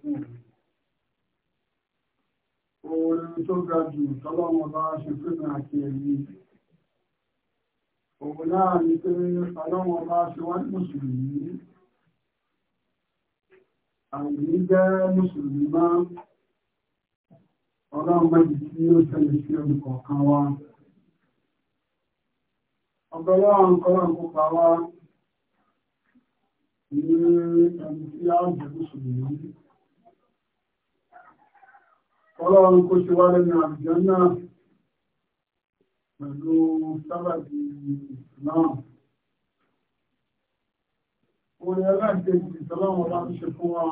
fún òun. Orin tó ga jù tọ́lọ́wọ́n bá ṣe fún àti ẹ̀yìn. Òun náà ni pé ọlọ́wọ́n bá ṣe wá mùsùlùmí. Àìní jẹ́ mùsùlùmí máa ọlọ́run méjì tí ó tẹ̀lé sí olùkọ̀ọ̀kan wa. Ọgọ́lọ́run kọ́lọ̀ kó pa wá ní ẹni tí a jẹ́ mùsùlùmí ọlọ́run kó ṣe wá lẹ́nu àbìjọ náà pẹ̀lú sábàbí náà orí aláìkejì ìtọ́lọ́wọ́n bá ń ṣe fún wa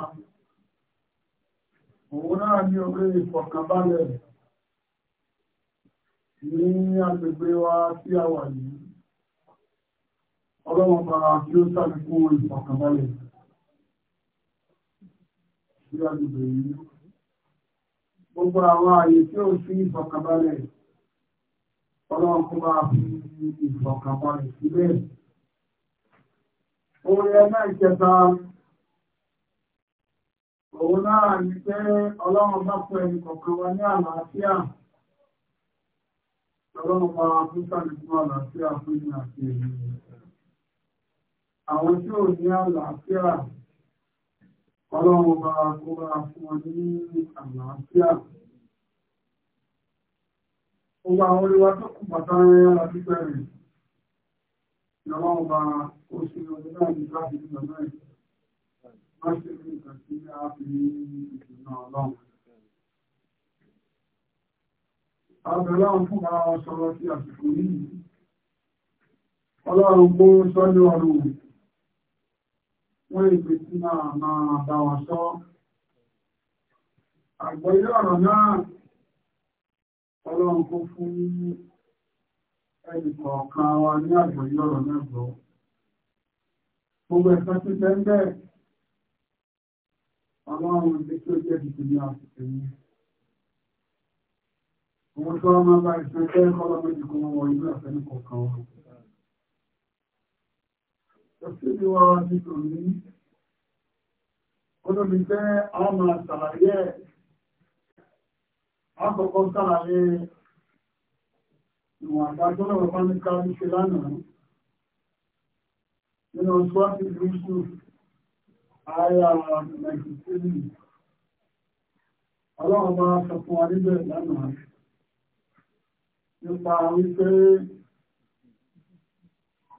òun náà ní orí ìfọ̀kànbalẹ̀ ní agbègbè wa tí a wà yìí ọlọ́wọ́n bá kí ó sàlékún ìfọ̀kànbalẹ̀ sí agbègbè yìí gbogbo àwọn ààyè tí ó fi ìfọ̀kànbalẹ̀ ọlọ́run kó máa fi ìfọ̀kànbalẹ̀ síbẹ̀. Orin ẹgbẹ́ ìkẹta òun náà ní pé ọlọ́run bá fún ẹni kọ̀ọ̀kan wa ní àlàáfíà ọlọ́run bá fún sàlùkún àlàáfíà fún ìrìn àti èyí àwọn tí ò ní àlàáfíà ọlọ́run bá kó bá fún ọ ní àlàáfíà. Owó àwọn olówó tó kù pàtà rẹ̀ àdúgbẹ́ rẹ̀. Ìjọba ọba oṣù ọdún náà ní láti ní ọ̀nà ẹ̀. Má ṣe ní nǹkan tí a fi ní ìdùnnà ọlọ́run. Àbẹ̀lá ń fún ara wọn sọ̀rọ̀ sí àsìkò Wọ́n ìpè tí máa máa bá wọn sọ. Àgbọ̀yé ọ̀rọ̀ náà ọlọ́run kó fún ẹnìkọ̀ọ̀kan wa ní àgbọ́yé ọ̀rọ̀ náà gbọ́ gbogbo ẹ̀sán ti tẹ́ ń bẹ́ẹ̀ ọlọ́run ní kí ó jẹ́ tuntun ní àsìkò yìí òun tó ọmọ bá ìsìn tẹ́ kọ́lọ́mẹ́jì kó wọ ilé ọ̀fẹ́ ní kọ̀ọ̀kan wa òṣèlú wa ní tòun ní olómi jẹ́ àwọn àṣàlàyé ẹ̀ Àkọ́kọ́ sàlàyé ìwọ̀n àdájọ́ náà wọ́n ní káàrí ṣe lánàá. Nínú ọjọ́ àti Gúúsù, ààyà 93. Ọlọ́run bá sọ fún wa níbẹ̀ lánàá. Nípa wípé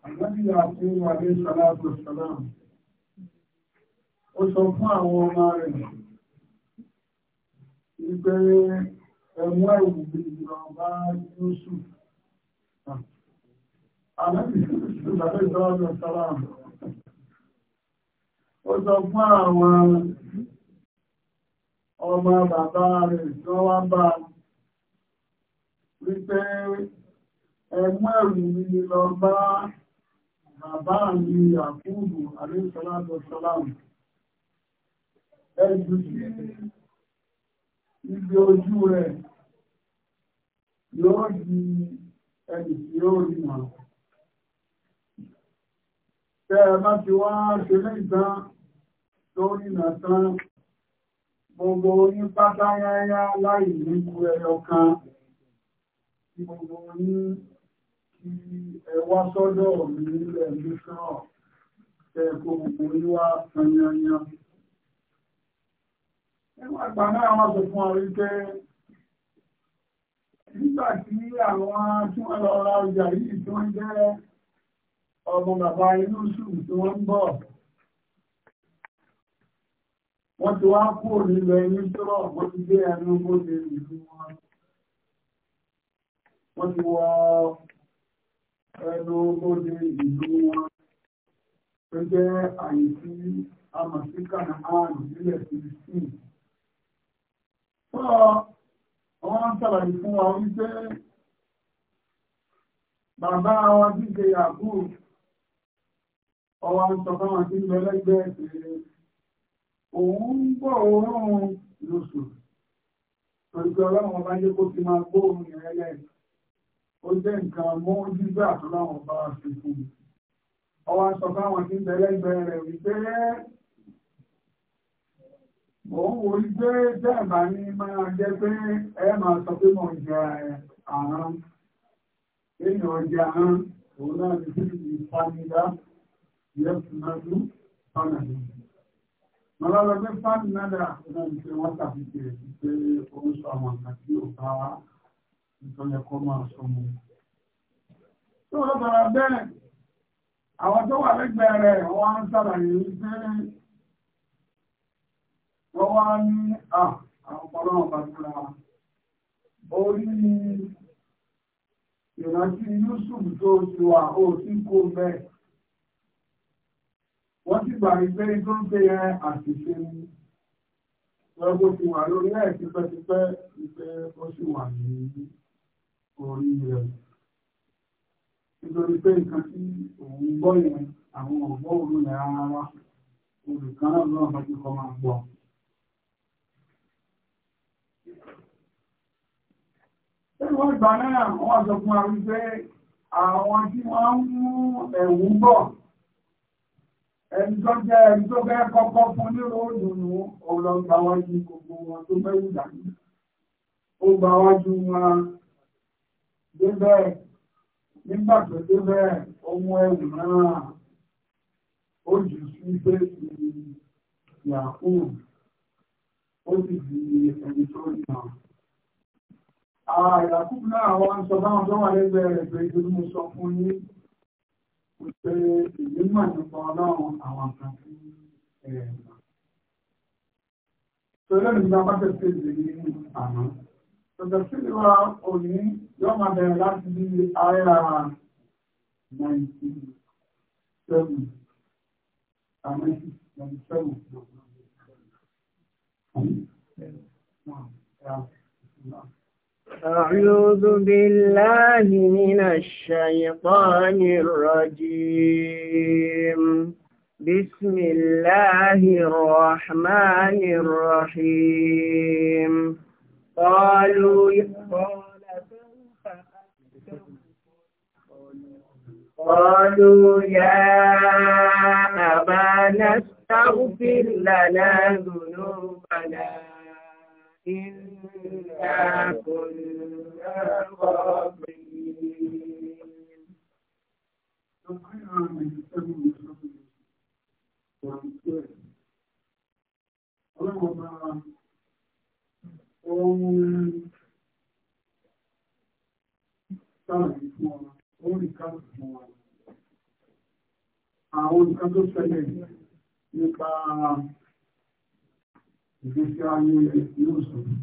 àgbẹ́bí àti ìwàdé sàlátò sàlámù. Ó sọ fún àwọn ọmọ rẹ̀ wípé ẹ̀wọ́n ìwògbè ìjọba Yusuf. Ah. Àlẹ́bí ìgbàgbé ìjọba ọjọ́ sára. Ó sọ fún àwọn ọmọ bàbá rẹ̀ tí wọ́n wá bá wípé ẹ̀wọ́n ẹ̀rù mi lọ bá bàbá mi àkúrù àlẹ́ ìsọ́lá ibi ojú rẹ̀ yóò di ẹni tí ó rí mà. Tẹ́ ẹ bá ti wá ṣe lẹ́gbà lórí nàtán, gbogbo oní pátá yáyá láì níkú ẹyọ kan, gbogbo oní kí ẹ wá sọ́dọ̀ mi nílẹ̀ mi sọ́ọ̀, tẹ́ kó gbogbo oníwá sanyanyan. Nígbà àgbà náà wọ́n sọ fún ọ wípé nígbà tí àwọn tí wọ́n lọ ra ọjà yìí tí wọ́n jẹ́ ọmọ bàbá inú sùn tí wọ́n ń bọ̀. Wọ́n ti wá kúrò nílẹ̀ ní sọ́rọ̀ wọ́n ti gbé ẹnu bóde ìlú wọn. Wọ́n ti wọ ẹnu bóde ìlú wọn. Ó jẹ́ àyè a mọ̀ sí Kanaán nílẹ̀ Sọ́rọ̀ àwọn ń sàlàyé fún wa wípé bàbá wa díje yàgò ọwọ́ ń sọ fáwọn tí ń lọ lẹ́gbẹ̀ẹ́ pé òun ń gbọ́ òórùn lóṣù. Pẹ̀lú ọlọ́run ọba yẹ kó ti máa gbóòórùn ìrẹ́lẹ̀. Ó jẹ́ nǹkan mọ́ jígbà tó láwọn bá fi fún. Ọwọ́ ń sọ fáwọn tí ń mo ń wo gbé dẹ́ẹ̀bà ní máa jẹ́ pé ẹ máa sọ pé mo jẹ àrán èèyàn jẹ àrán òun náà ní sí ìfanidá yẹ́fúnadú fánàdú mọ́lọ́lọ́gbé fánàdá náà ní pé wọ́n tàbí pé pé òun sọ àwọn àgbà tí ò bá nítorí ẹ̀kọ́ máa sọ mọ́ tó lọ́tọ̀ọ̀rọ̀ bẹ́ẹ̀ àwọn tó wà lẹ́gbẹ̀ẹ́ rẹ̀ wọ́n ń sábà wọ́n wá ní àwọn ọ̀pọ̀lọpọ̀ orí ìrántí Yusuf tó ti wà ó kó wọ́n ti gbà tó àṣìṣe ti wà lórí ẹ̀kí tipẹ́tipẹ́ ìpè ó sì wà ní orí rẹ̀ nǹkan tí òun gbọ́ yẹn àwọn yẹn ara olùkan náà lọ́nà bá ti kọ máa Ẹgbẹ́ ìgbà náà wọ́n sọ fún àwọn ìgbẹ́ àwọn tí wọ́n ń mú ẹ̀wù bọ̀. Ẹni tó jẹ́ ẹni tó bẹ́ kọ́kọ́ fún nílò òdùnú ọlọ́gbà wájú gbogbo wọn tó bẹ́wù dání. Ó gba wájú wọn débẹ̀ nígbà tó débẹ̀ ohun ẹ̀wù náà ó jù sí fèsì Yahoo ó sì di ẹni tó yàn. Àyàkúbù náà wọ́n sọ báwọn tó wà lẹ́gbẹ̀ẹ́ rẹ̀ pé ìdúró mo sọ fún yín pé ìlú mà nípa ọlọ́run àwọn kan sí ẹ̀ẹ̀mà. Sọlẹ́ nígbà bá tẹ̀sí ìdílé ní àná. Sọ̀tẹ̀ sí ìwà òní yóò máa bẹ̀rẹ̀ láti bí àyà 97. Yeah. أعوذ بالله من الشيطان الرجيم بسم الله الرحمن الرحيم قالوا قالوا يا أبانا استغفر لنا ذنوبنا إنا كنا خاطئين Ọlọ́run Àwọn nǹkan tó ṣẹlẹ̀ nípa ìgbésí ayé yóò sọ̀rọ̀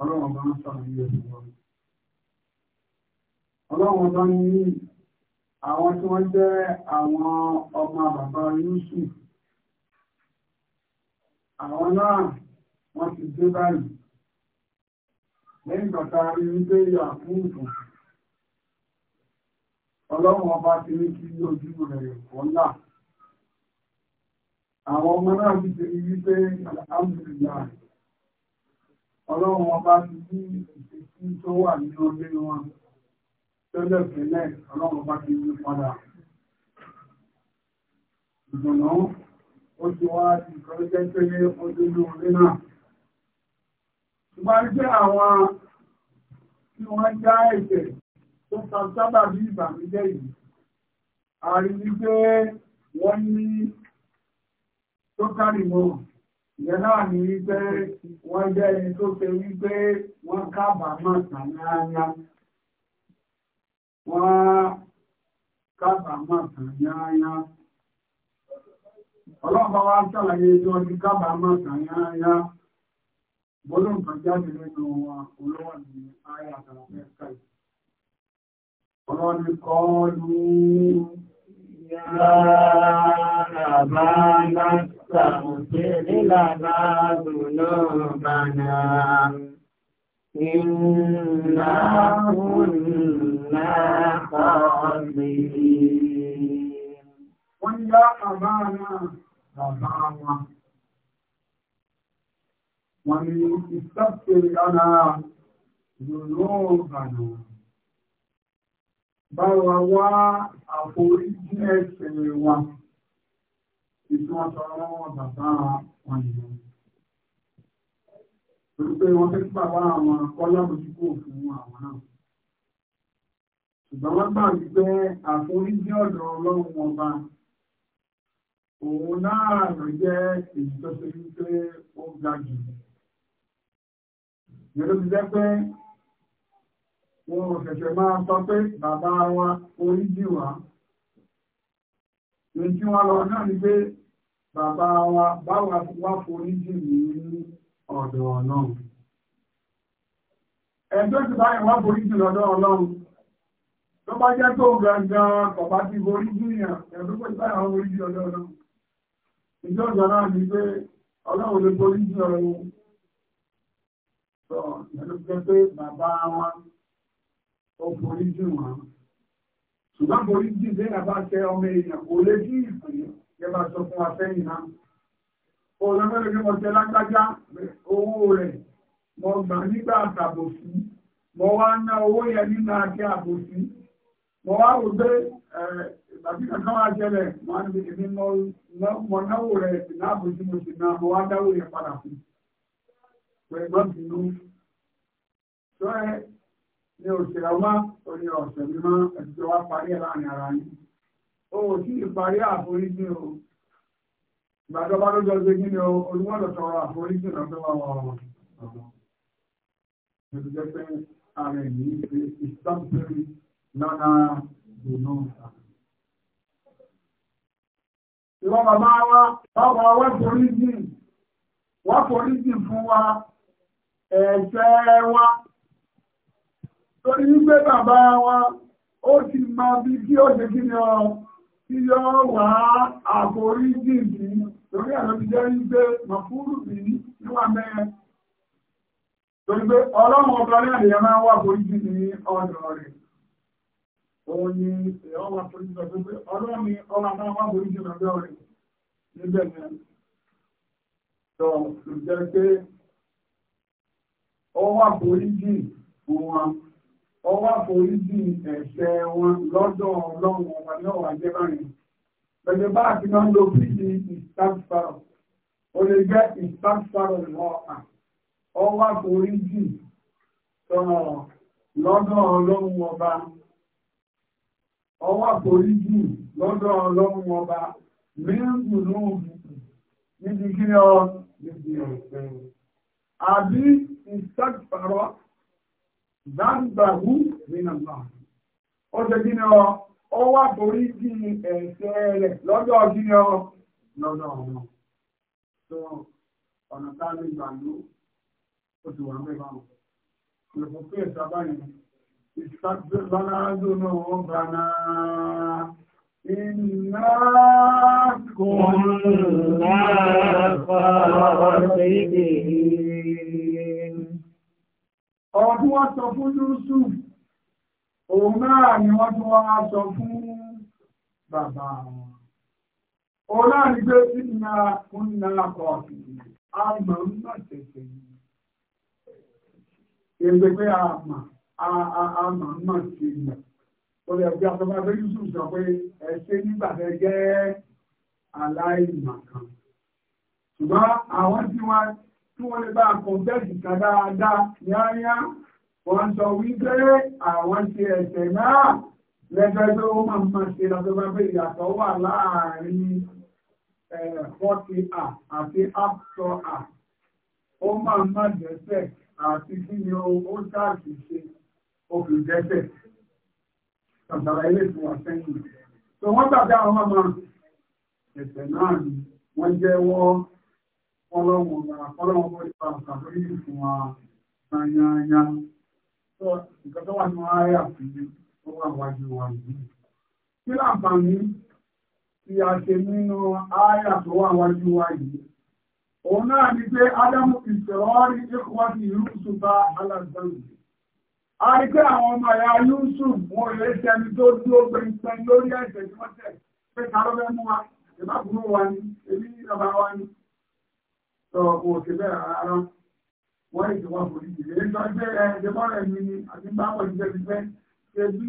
ọlọ́run bá ń sàmìlẹ̀ ìwọ̀n ọlọ́run bá ní àwọn tí wọ́n jẹ́ àwọn ọmọ bàbá yúsù àwọn náà wọ́n ti dé báyìí lẹ́yìn bàtà rí wípé yàkúùtù ọlọ́run ọba ti ní kí ojú rẹ̀ kọ́ náà àwọn ọmọ náà ti ti rí wípé alhamdulillah ọlọ́run ọba ti ní ìṣesí tó wà nínú nínú wọn tẹ́lẹ̀ tẹ́lẹ̀ ọlọ́run ọba ti ní padà ìdùnnú ó ti wá ti kọ́ jẹ́ pé ó ti ní orí náà ṣùgbọ́n jẹ́ àwọn tí wọ́n já tó kárí wọn ìyẹn náà ní wípé wọ́n jẹ́ ẹni tó ṣe wípé wọ́n kábàámọ̀ tàyáyá wọ́n kábàámọ̀ tàyáyá ọlọ́pàá wa ṣàlàyé tí wọ́n ti kábàámọ̀ tàyáyá gbọ́dọ̀ nǹkan jáde nínú wa olówó ní ayé àtàwọn ẹ̀ka yìí ọlọ́ni kọ́ lóòrùn. أبانا استغفر لنا ذنوبنا إنا كنا خاطئين قل يا أبانا أبانا ومن استغفر لنا ذنوبنا بل àforíjì ẹ̀ṣẹ̀ wa ìtú wọn sọ lọ́wọ́ bàbá wọn nìyẹn torí pé wọ́n fẹ́ kí bàbá àwọn kọ́lábùjú kò fún àwọn náà ṣùgbọ́n wọ́n gbà wípé àforíjì ọ̀dọ̀ ọlọ́run ọba òun náà ló jẹ́ èyí tó ṣe wípé ó ga jù yẹ́rọ ti jẹ́ pé wọn ò ṣẹ̀ṣẹ̀ máa sọ pé bàbá wa orí jì wá èyí tí wọ́n lọ náà ni pé bàbá wa báwa wá forí jì ní ọ̀dọ̀ ọlọ́run ẹjọ́ ti báyìí wá forí jì lọ́dọ̀ ọlọ́run tó bá jẹ́ tó gangan bàbá ti forí jì yàn ẹ̀dọ́ pé báyìí wá forí jì lọ́dọ̀ ọlọ́run ìjọ ìjọ náà ni pé ọlọ́run lè forí jì ọ̀rọ̀ sọ ìyẹn pé bàbá wa ó forí jì wọn ṣùgbọ́n mo rí jíjẹ́ ìyàbá tẹ ọmọ èèyàn kò lè jí ìpè yẹba sọ fún wa sẹ́yìn náà ọ̀rọ̀ mẹ́rin ni mo tẹ lágbájá owó rẹ̀ mo gbà nígbà àtàbòsí mo wá ná owó yẹn nínú àti àbòsí mo wá wò pé tàbí kankan wá jẹlẹ̀ máa ń bí èmi mọ náwó rẹ̀ ìná àbòsí mo sì ná mo wá dáwó yẹn padà fún pẹ̀lú ìgbọ́n bínú ní òṣèrè wá orí ọ̀sẹ̀ mímọ́ ẹ̀sùn wá parí ẹ̀ láàrin ara yìí ó sì parí àforíjì o ìgbàjọba ló jọ gbé gíní o olúmọ̀lọ̀ tọrọ àforíjì lọ́dọ̀ wa wọ̀ ọ̀rọ̀ mo ti jẹ́ pé ààrẹ yìí ṣe ìsọ́pẹ̀rẹ̀ lọ́nà dùnú ìwọ bàbá wa bàbá wa foríjì wọ́n foríjì fún wa ẹ̀ṣẹ̀ wa torí wípé bàbá wọn ó ti ma bí kí ó ṣe kí ni ọ tí yọ torí ti jẹ́ wípé màfúrù sí níwà mẹ́rin torí pé ọlọ́run ọba ní àdìyẹ máa ń wà àforíjì ní ọ̀dọ̀ rẹ̀ òun ni èèyàn wà àforíjì sọ pé ọlọ́run ni máa wà rẹ̀ ọ wá forí bí ẹ̀ṣẹ̀ wọn lọ́dọ̀ ọlọ́run ọba náà wà jẹ́ báyìí pẹ̀lú bá àti máa ń lo fífi ìsáfàrọ̀ ó lè jẹ́ ìsáfàrọ̀ lọ́ọ̀pá ọ wá forí bí sọ̀rọ̀ lọ́dọ̀ ọlọ́run ọba ọwọ́ àforíjì lọ́dọ̀ ọlọ́run ọba mẹ́rìndù lóhùn níbi kí ọ níbi ọ̀sẹ̀ àbí ìsàkìfàrọ̀ gbàgbàgbù nínú àgbà ó ṣe kí ni ọ ó wà borí kí ẹ̀ṣẹ̀ rẹ̀ lọ́dọ̀ kí ni ọ lọ́dọ̀ ọ̀nà tó ọ̀nà tá a lè gbà ló ó ti wà mẹ́fà wọn lọ́pọ̀ pé ẹ̀ṣẹ̀ abáyẹn ìṣàgbébánádùn náà bánà Iná kò ń fà á sí ìdí ọ̀rọ̀ tí wọ́n sọ fún Yusuf òun náà ni wọ́n tún wá sọ fún bàbá wọn òun náà ni pé ìnà kúnlá kọ̀ọ̀kì àmọ́ ń bà tẹ̀sẹ̀ yìí èdè pé àmọ́ àmọ́ ń bà tẹ̀sẹ̀ yìí ó lè jẹ́ àtọ́gbà pé Yusuf sọ pé ẹ ṣe nígbà tẹ́ jẹ́ aláìmọ̀kan ṣùgbọ́n àwọn tí wọ́n tí wọ́n lè bá kọ̀ǹtẹ́ẹ̀tì kan dáadáa yáyá wọ́n sọ wípé àwọn ti ẹ̀sẹ̀ náà lẹ́gbẹ́ tó ó máa máa ṣe lọ́dọ́ bá pé ìyàtọ̀ wà láàrin fọ́tí à àti ápùtọ̀ à ó máa máa dẹ́sẹ̀ àti kí ni ó ṣáàṣì ṣe òfin dẹ́sẹ̀ tàbàrà ilé fún wa sẹ́yìn. tó wọ́n gbàgbé àwọn ọmọ ẹ̀sẹ̀ náà ni wọ́n jẹ́wọ́ ọlọ́run ọlọ́run bó ipa àtàlórí ìfún wa yányányá tó nǹkan tó wà ní wọn ayé àfihàn tó wà wájú wa yìí kí láǹfààní tí a ṣe nínú ayé tó wà wájú wa yìí òun náà ni pé ádámù ìṣòrí ìkọ́wádìí yusuf bá alàgbàlù a rí pé àwọn ọmọ ẹ̀yà yusuf wọn lè ṣẹni tó dúró gbẹ̀ngbẹ̀ng lórí ẹ̀ṣẹ̀ tí wọ́n tẹ̀ pé ta ló fẹ́ mú wa ìbákùnrin wa ni èmi bàbá wa ni ọ̀pọ̀ òkè bẹ́ẹ̀ ara wọ́n lè jọ wá forí jì lè sọ pé ẹ̀jẹ̀ bọ́ọ̀rẹ̀ mi ni àti bá pọ̀ jíjẹ́ ti fẹ́ ṣe bí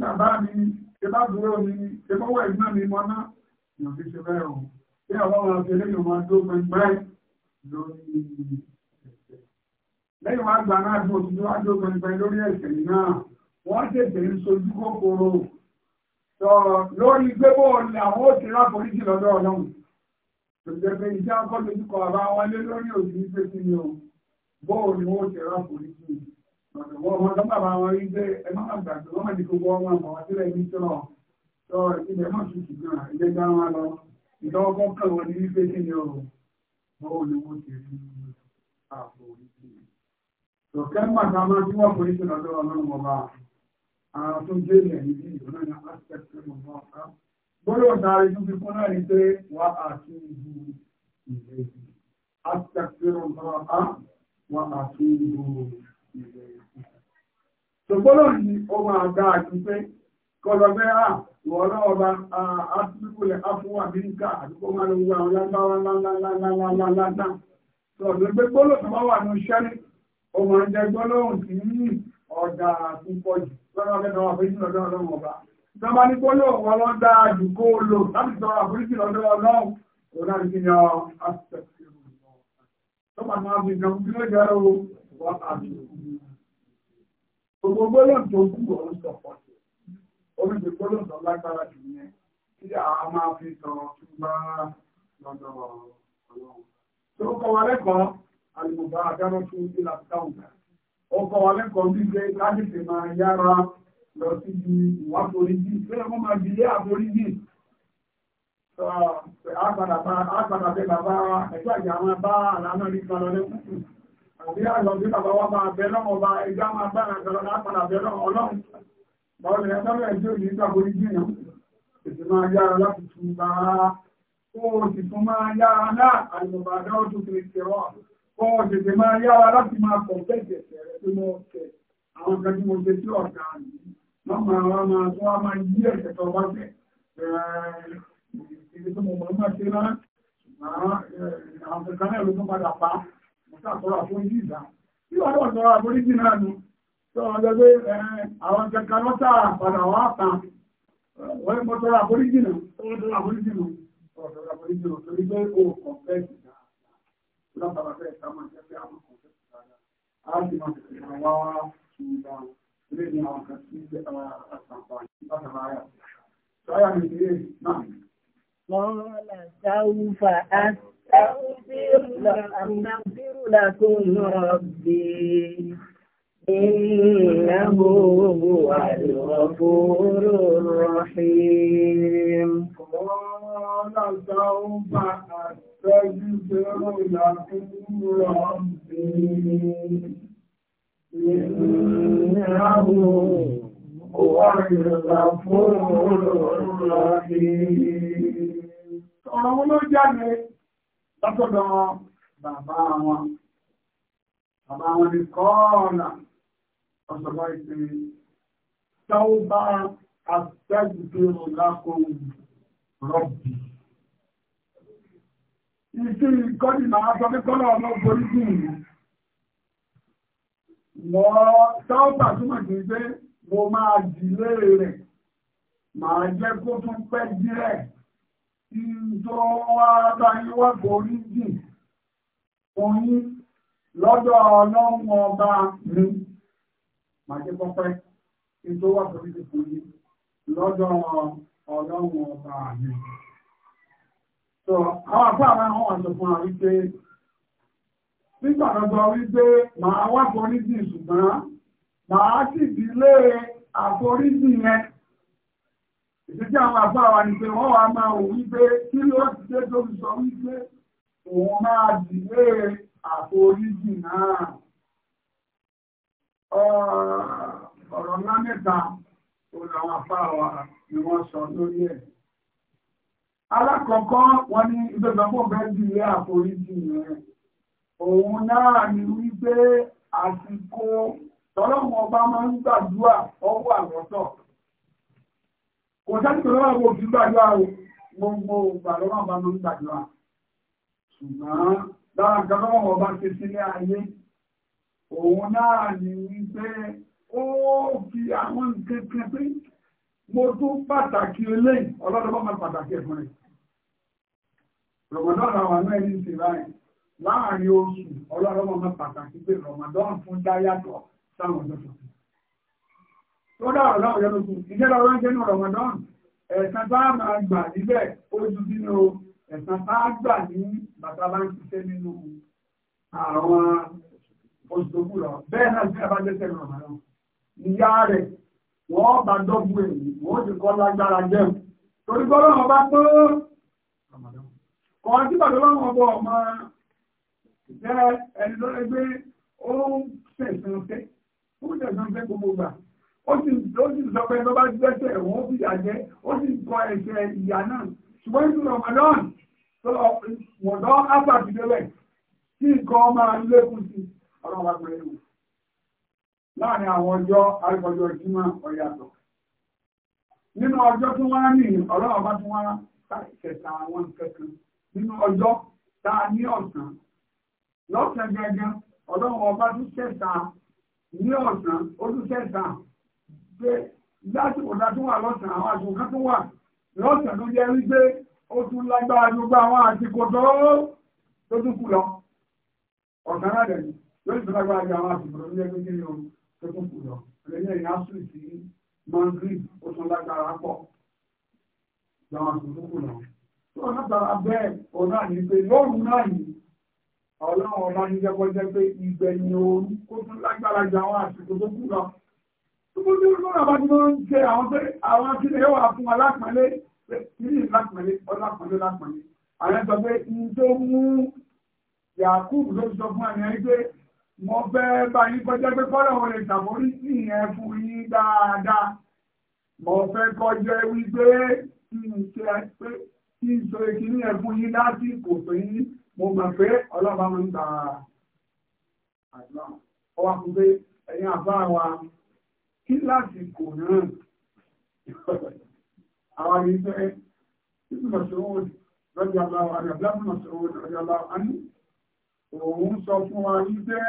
bàbá mi ni ṣe bá dúró mi ni ṣe bọ́wọ́ ẹ̀mí náà mi mọ́ náà yàn fi ṣe bẹ́ẹ̀ o bí àwọn ọmọ ọ̀sẹ̀ lẹ́yìn ọmọ tó pẹ́ńpẹ́ lórí ẹ̀sẹ̀ lẹ́yìn wá gbà náà tó ti wá tó pẹ́ńpẹ́ lórí ẹ̀sẹ̀ náà wọ́n tètè ń sojú kòkòrò lórí gbébọ̀ ni àwọn òṣèré àforíjì lọ́dọ̀ ọlọ́run Ìjọba ìjọ akọ́lù ikọ̀ àbá wọn lórí òsì ìfẹ́ sí ni o. Bọ́ọ̀ ni wọ́n ti rán polisi. Wọ́n ọmọ tó bàbá wọn rí pé ẹ má gbà tó wọ́n di gbogbo ọmọ àmọ́ wọn sílẹ̀ ní sọ̀rọ̀. Sọ ilẹ̀ mọ̀ sí ṣùgbọ́n ilé gbá wọn lọ. Ìjọba kan kàn wọ́n ní ìfẹ́ sí ni o. Bọ́ọ̀ ni wọ́n ti rí àpò ìfẹ́. Sọ̀kẹ́ màtá máa tí Bọ́lọ̀ dáre tó fi kún náà ní pé wà á kí ibu ilé ìlú. A ti tàkìrò náà á wà á kí ibu ilé ìlú. Ṣògbọ́lọ̀ ni ó máa dá àti pé kọlọ̀gbẹ́ à ah, wọ́n náà ọba àtúntúkulẹ̀ àfúwà bíríkà àdúgbò máa lọ wọ àwọn lágbára lálálálálálálá. Sọ̀dọ̀ pé gbọ́lọ̀ tó bá wà ní ṣẹ́rí, ó máa ń jẹ gbọ́lọ̀ òǹtí ọ̀dà púpọ̀ jù. Lọ́dọ̀ ọ̀fẹ́ ìjọba ní kó lò wọn lọ dá àdúgbò lò láti sọ̀rọ̀ àforíjì lọ́dọ̀ ọlọ́run kò náà ní kíni ọ aspect tó bá máa fi nǹkan fún lóde ọ̀rọ̀ wọn àti gbogbo gbólóhùn tó kù ọ̀hún sọ̀pọ̀ orí ti gbólóhùn tó lágbára jù yẹn tí a máa fi sọ túbá lọ́dọ̀ ọlọ́run tó kọ́ wa lẹ́kọ̀ọ́ àlùmọ̀bá adáná tún ilà táwọn ó kọ́ wa lẹ́kọ̀ọ́ bí pé kájíṣe máa yára lọ sí ibi ìwà foríjì pé wọ́n máa di ilé àforíjì àgbàdà pé bàbá ẹjọ́ ìjà máa bá àlànà rí kan lọ lẹ́kùnkùn àbí àlọ́ bí bàbá wá máa bẹ lọ́wọ́ bá ẹjọ́ máa bá àgbàdà lápàdà bẹ lọ́wọ́ ọlọ́run bọ́ọ̀ lẹ́yìn tọ́lẹ̀ ẹjọ́ ìlú ìgbà foríjì náà èsì máa yára láti tún bá kóò sì tún máa yára náà àìmọ̀bàdá ọdún tó ṣe rọ́ kóò sì tún máa yára láti máa kọ̀ bẹ́ẹ̀ jẹ̀ẹ̀rẹ̀ tó mọ́ ọ̀tẹ̀ àwọn kan tí mo ṣe sí ọ̀gá yìí lọ́mọ àwọn ọmọ tó wá máa yí ẹ̀ṣẹ̀ tó wá jẹ́ ìdí tó mọ̀ mọ̀ máa ṣe rán àwọn kankan náà ló tó padà pa mo sàkóra fún yí ìdá tí wọ́n lọ́wọ́ sọ̀rọ̀ àforíjì náà nu tó wọ́n jẹ́ pé àwọn kankan lọ́ tà padà wá tà wọ́n mọ̀ sọ̀rọ̀ àforíjì náà tó wọ́n sọ̀rọ̀ àforíjì náà sọ̀rọ̀ àforíjì náà torí pé o kọ̀ fẹ́ sì dá lọ́pàá fẹ́ sá máa jẹ́ pé àwọn kọ̀ fẹ́ sì dá eléyìí àwọn kan sí àṣàǹfààní látara àyà sáyà mi ìdílé náà. wọ́n là sáwùfà á sáwùfìrù làkún rọ̀bì. إنه هو الغفور الرحيم قال سوف أستغفر لكم ربي إنه ọ̀rọ̀ ló jáde látọ̀dọ̀ bàbá wọn bàbá wọn ni kọ́ọ̀nà ọ̀sọ̀gbọ́ ìpé ìkọ́ni sọ pé ọmọ Tọ́ọ̀tà túnmọ̀ sí pé mo máa dìlé rẹ̀, màá jẹ́ kó tún pẹ́ díẹ̀, tí tó wá táyé wá borí jì, oyin lọ́dọ̀ ọlọ́run ọba mi, màá jẹ́ kó pẹ́, tí tó wá borí jì fún lọ́dọ̀ ọlọ́run ọba mi. So, àwọn àpá àwọn àwọn àjọ̀fún àríkẹ́ nígbàgbọ́ wípé màá wá foríjì ṣùgbọ́n màá sì dílé àforíjì yẹn ìdíjẹ́ àwọn àbá wa ni pé wọ́n wá máa wò wípé kí ló ti dé tó fi sọ wípé òun máa dílé àforíjì náà ọ̀rọ̀ ńlá mẹ́ta òun àbá ni wọ́n sọ lórí ẹ̀ alákọ̀ọ́kọ́ wọn ni fún dílé òun náà ni wípé àsìkò tọ́lọ́mọ ọba máa ń gbàdúrà ọwọ́ àwọ̀tọ̀ kò sẹ́ni tó lọ́wọ́ àwọn òfin gbàdúrà o gbogbo ìgbà lọ́wọ́ ọba máa ń gbàdúrà ṣùgbọ́n lára nǹkan lọ́wọ́ ọba ṣe sílé ayé òun náà ni wípé ó fi àwọn nǹkan kan pé mo tún pàtàkì eléyìí ọlọ́dọ́ bá máa pàtàkì ẹ̀fọn rẹ̀ rọ̀gbọ̀dọ́ àwọn ẹni ti ráyìn láàrin oṣù ọlọ́rọ̀ mọ́ pàtàkì pé Ramadan fún dáyàtọ̀ sáwọn ọjọ́ tuntun tó dára láwọn ihe tuntun ìjẹ́lọ oúnjẹ ní Ramadan ẹ̀sán tá a máa gbà níbẹ̀ ojú nínú ẹ̀sán tá gbà ní bàtà bá ń ṣiṣẹ́ nínú àwọn oṣù tó kù lọ bẹ́ẹ̀ náà sí Ramadan ìyá rẹ̀ wọ́n bá dọ́gbù èyí wọ́n ti jẹ́ ẹni lọ́rẹ́ gbé ó sẹ̀sán pé ó sẹ̀sán pé gbogbo gbà ó sì sọ pé tó dẹ́sẹ̀ wọ́n fi ó sì kọ náà ṣùgbọ́n Ramadan wọ̀dọ́ tí nǹkan sí ọ̀rọ̀ wa pẹ̀lú láàrin àwọn ọjọ́ ìjímọ̀ ọ̀yàtọ̀ nínú ọjọ́ tí wọ́n ní ọ̀rọ̀ ọba lọ́sàn gẹ́gẹ́ ọlọ́run ọba ní ọ̀sán ó tún pé lásìkò dájú wà lọ́sàn àwọn àsìkò kan tó wà lọ́sàn tó jẹ́ wípé ó tún lágbára gbogbo àwọn àsìkò tó tó tún kù lọ ọ̀sán lórí tó lágbára gbogbo àwọn àsìkò tó tó tún kù lọ ẹ̀lẹ́yìn ẹ̀yìn sí ó tún ọlọ́run ọba ní jẹ́kọ́jẹ́ pé ìgbẹ̀yìn ooru kó tún lágbára ju àwọn àsìkò tó kù lọ. Tókòtò lọ́nà bá ti máa ń jẹ àwọn pé àwọn akílẹ̀ yóò wà fún wa lápọ̀nlé nílì lápọ̀nlé ọlápọ̀nlé lápọ̀nlé. Àwọn ẹ̀sọ́ pé n tó mú Yakubu ló sọ fún àmì ẹgbẹ́ mo fẹ́ bá yín kọjá pé kọ́lọ̀ wọn lè ṣàforí sí ìyẹn fún yín dáadáa. Mo fẹ́ kọjá wípé kí n ṣe pé kí n sọ mo mọ̀ pé ọlọ́ba máa ń gba àdúrà ọ wá fún pé ẹ̀yin àbá wa kí lásìkò náà àwọn yìí fẹ́ títí mọ̀sọ̀rọ̀ lọ́jọ́ aláwọ̀ àti àbúláwọ̀ mọ̀sọ̀rọ̀ lọ́jọ́ aláwọ̀ àní òun sọ fún wa yìí jẹ́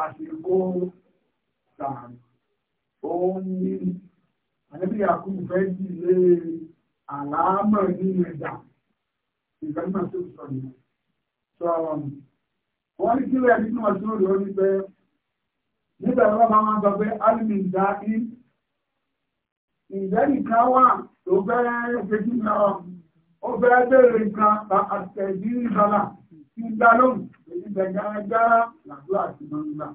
àsìkò sàárì òun ni àyẹ́bí àkùn fẹ́ jí lé àlàámọ̀ nínú ẹ̀dà ìgbàlùmọ̀ tó sọ nìyẹn sọ wọ́n ní kí lóyè nínú ọ̀sán òde ó ní pé nígbà tó bá máa ń sọ pé alimi ìdá í ìjẹ́ nìkan wà tó fẹ́ẹ́ ṣe kí ni ọ ó fẹ́ẹ́ bẹ̀rẹ̀ nǹkan àtẹ̀jú ìbálà tí ń dá lóhùn èyí gbẹ̀gbẹ̀gbẹ̀ làdúrà sí máa ń gbà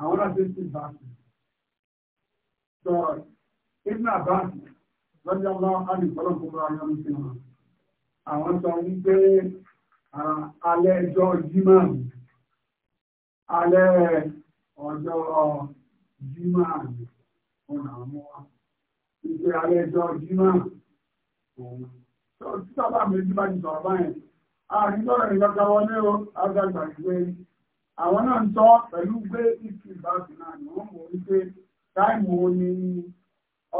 àwọn láti ṣe bá sí sọ ibn abbas lọ́jọ́ lọ́wọ́ alìkọ́lọ́kọ́ bá yọ Ah, alẹ́ ẹjọ́ jímọ̀ alẹ́ ọjọ́ jímọ̀ ọ̀nà àmúwá ìpè alẹ́ ẹjọ́ jímọ̀ ọ̀hún. títà bá mi bá ti sọ̀rọ̀ báyìí àrídọ́rẹ̀ ìlọ́gbà wọlé o agbàgbà ìwé àwọn náà ń tọ́ pẹ̀lú gbé ìkì ìbáàbì náà ni wọ́n mọ̀ wípé táìmù wo ni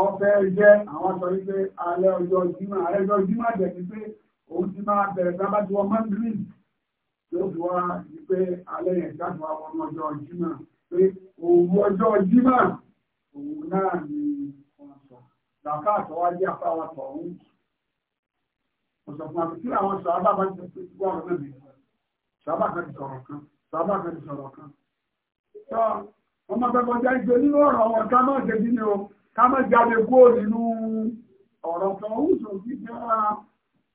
ọ̀fẹ́ jẹ́ àwọn sọ wípé alẹ́ ọjọ́ jímọ̀ alẹ́ ọjọ́ jímọ̀ jẹ̀ wípé òun ti máa bẹ̀rẹ̀ sábàtí wọn mandarin tó fi wá di pé alẹ́ yẹn jáde wá wọn ọjọ́ jimá pé òru ọjọ́ jimá òun náà ni wọn sọ làkà àtọwájú afáwa tọ̀hún ọ̀sọ̀fún àti kí àwọn sàábà bá ti fi wà lọ́nà mi sàábà kan ti sọ̀rọ̀ kan sàábà kan ti sọ̀rọ̀ kan. sọ ọmọ bẹ́ẹ̀ kọjá ìgbé nínú ọ̀rọ̀ wọn ká má ṣe bí ni o ká má jáde kúrò nínú ọ̀rọ̀ kan ó sọ ah,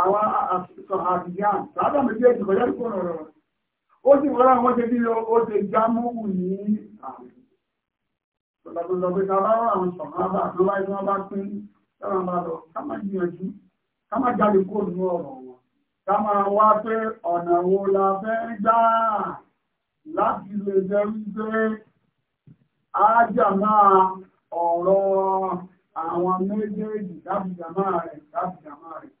àwọn àfikọ̀ àbíyá sábà méjèèjì kọjá tó kọ̀ọ̀rọ̀ rẹ̀ ó sì wọ́n wọ́n ṣe nílò ó ṣe jámúhù ní àmì ọ̀dàgbọ́dọ̀ pé ká bá àwọn sọ̀rọ̀ àbá tó wáyé wọn bá pín sábà máa lọ ká má gbìyànjú ká má jáde kó ọ̀rọ̀ wọn ká máa wá pé ọ̀nà wo la fẹ́ gbà láti lè jẹ́ wípé ájà máa ọ̀rọ̀ àwọn méjèèjì tábìjà máa máa rẹ̀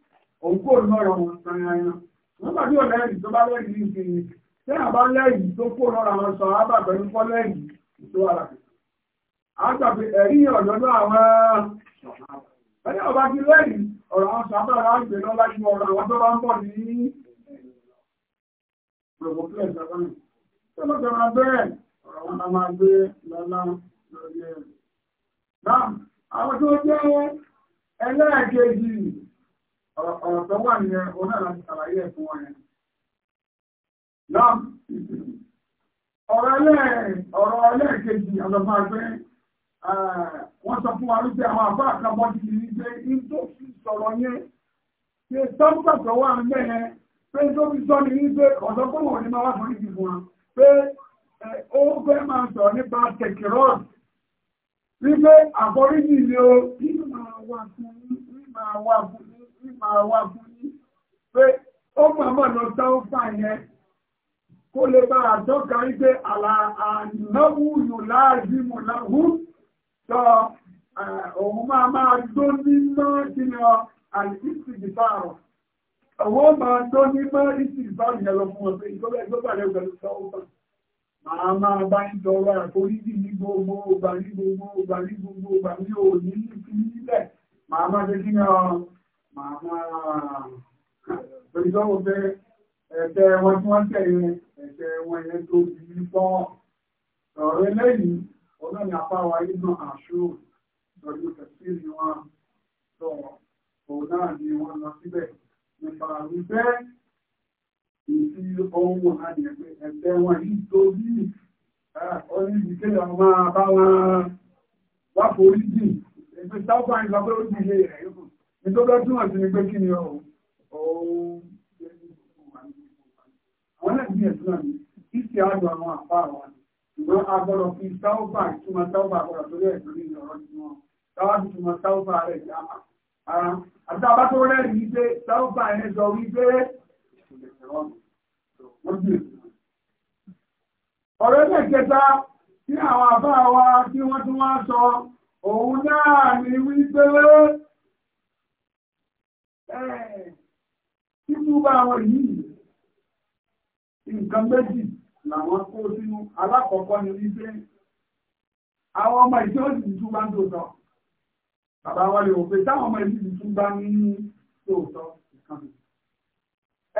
òkú òlọ́rọ̀ wọn sanyanyan nígbà tí ò lẹ́yìn tó bá lẹ́yìn ní ìsinmi tí bá lẹ́yìn tó kó lọ́rọ̀ àwọn sọ ábàbẹ̀ ń kọ́ lẹ́yìn tó ara kìí ẹ̀rí ọ̀dọ́dọ́ àwọn ẹni ọba lẹ́yìn àwọn láti ọ̀rọ̀ àwọn tó bá ní ọ̀rọ̀ tó wà nìyẹn oná láti ṣàlàyé ẹ̀ fún wọn yẹn. Náà ọ̀rọ̀ ẹlẹ́ẹ̀kejì ọ̀dọ̀fà pé wọ́n sọ fún wa wípé àwọn àbá àkàbọ̀ ti di wípé in tó fi sọ̀rọ̀ yẹn ṣe sọ́ńtà tó wà ń bẹ̀rẹ̀ pé tó fi sọ ní wípé ọ̀dọ́ pé wọ́n ní máa wá fún ìdìbò wọn pé ó fẹ́ máa sọ̀rọ̀ nípa tẹ̀kìrọ́ọ̀tì wípé àforíjì ni tí máa wá fún yín pé ó mọ̀mọ́ lọ sáwọ́ fà yẹn kó lè bá àtọ́ka wípé àlàáhùn yòó láàzímù láhùn sọ òun máa máa dó nímọ́ kí ni ọ àìsíkì ìbáàrọ̀ owó máa dó nímọ́ ìsì ìbáàrọ̀ yẹn lọ fún ọ̀sẹ̀ màá máa bá ń tọrọ àforíjì ní gbogbo ògbà ní gbogbo ògbà ní gbogbo ògbà ní òní ní ìpínlẹ̀ màá máa ṣe kí ni ọ Oríṣọ́wọ́ pé ẹ̀ṣẹ̀ wọn tí wọ́n tẹ̀lé ẹ̀ṣẹ̀ wọn yẹn tó bí bọ́. Ọ̀rọ̀ eléyìí, ọlọ́ni àpáwà nínú àṣù lọ́dún tẹ̀sí ni wọ́n sọ òun náà ni wọ́n lọ síbẹ̀. Nípa wípé ìfi ohun àdìẹ pé ẹ̀ṣẹ̀ wọn yìí tó bí ọ̀rọ̀ ìdíkẹ́ ọmọ bá wọn wá forí jì. Ẹgbẹ́ sáwọn ìlọ́gbẹ́ ó dìde ẹ̀yọ́kùn nítorí ọdún àti ní pé kí ni ọ̀hún ọ̀hún àwọn náà bí ẹ̀sùn náà ní ìsì àjọ àwọn àpá àwọn ṣùgbọ́n a gbọ́dọ̀ fi sáúbà ìtumọ̀ sáúbà gbọ́dọ̀ torí ẹ̀sùn ní ìlọrọ̀ tí wọ́n sáwá ti túmọ̀ sáúbà rẹ̀ jáàmà ara àti àbá tó rẹ̀ rí pé sáúbà ẹ̀ sọ wípé ọ̀rẹ́ lè kẹta tí àwọn àbá wa tí wọ́n tún wá sọ òun náà ní wípé títú bá wọn yìí nǹkan méjì làwọn kó sínú alákọ̀ọ́kọ́ ni wípé àwọn ọmọ ìjọ sì tún bá ń tòótọ́ bàbá wa lè wò táwọn ọmọ ìjọ sì tún bá ń tòótọ́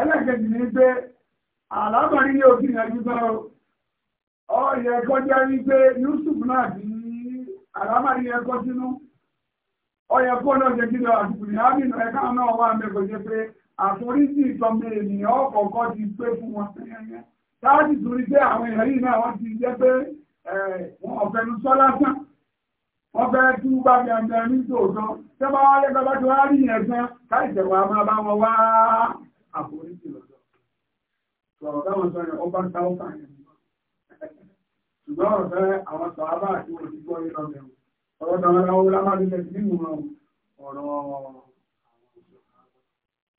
ẹlẹ́kẹ̀ẹ́jì ni pé àlábàárín ní òfin ọ wípé Yusuf náà sínú. ọyẹ fóònù ọjọ́ kí lọ àdìkù ní ábìnà ẹ̀ka náà wà mẹ́kọ̀ọ́ jẹ́ pé àforíjì ìtọ́mọ ènìyàn ọ̀kọ̀ọ̀kọ́ ti pé fún wọn láti torí pé àwọn èèyàn yìí náà wọ́n ti jẹ́ pé wọn ọ̀fẹ́nu sọ lásán wọ́n fẹ́ tú bá gbẹ̀ngbẹ̀ ní tòótọ́ tẹ́ bá wá lẹ́gbẹ́ bá ti wá rí yẹn tán káìsẹ̀ wà máa bá wọn wá àforíjì lọ́dọ̀ sọ̀rọ̀ táwọn sọ yẹn ọba táwọn kàn yẹn ṣùgbọ́n ọ̀fẹ́ àwọn sọ̀rọ̀ ọ̀rọ̀ tàwọn ọmọ lábá ní ẹ̀sìn nínú ọ̀rọ̀ àwọn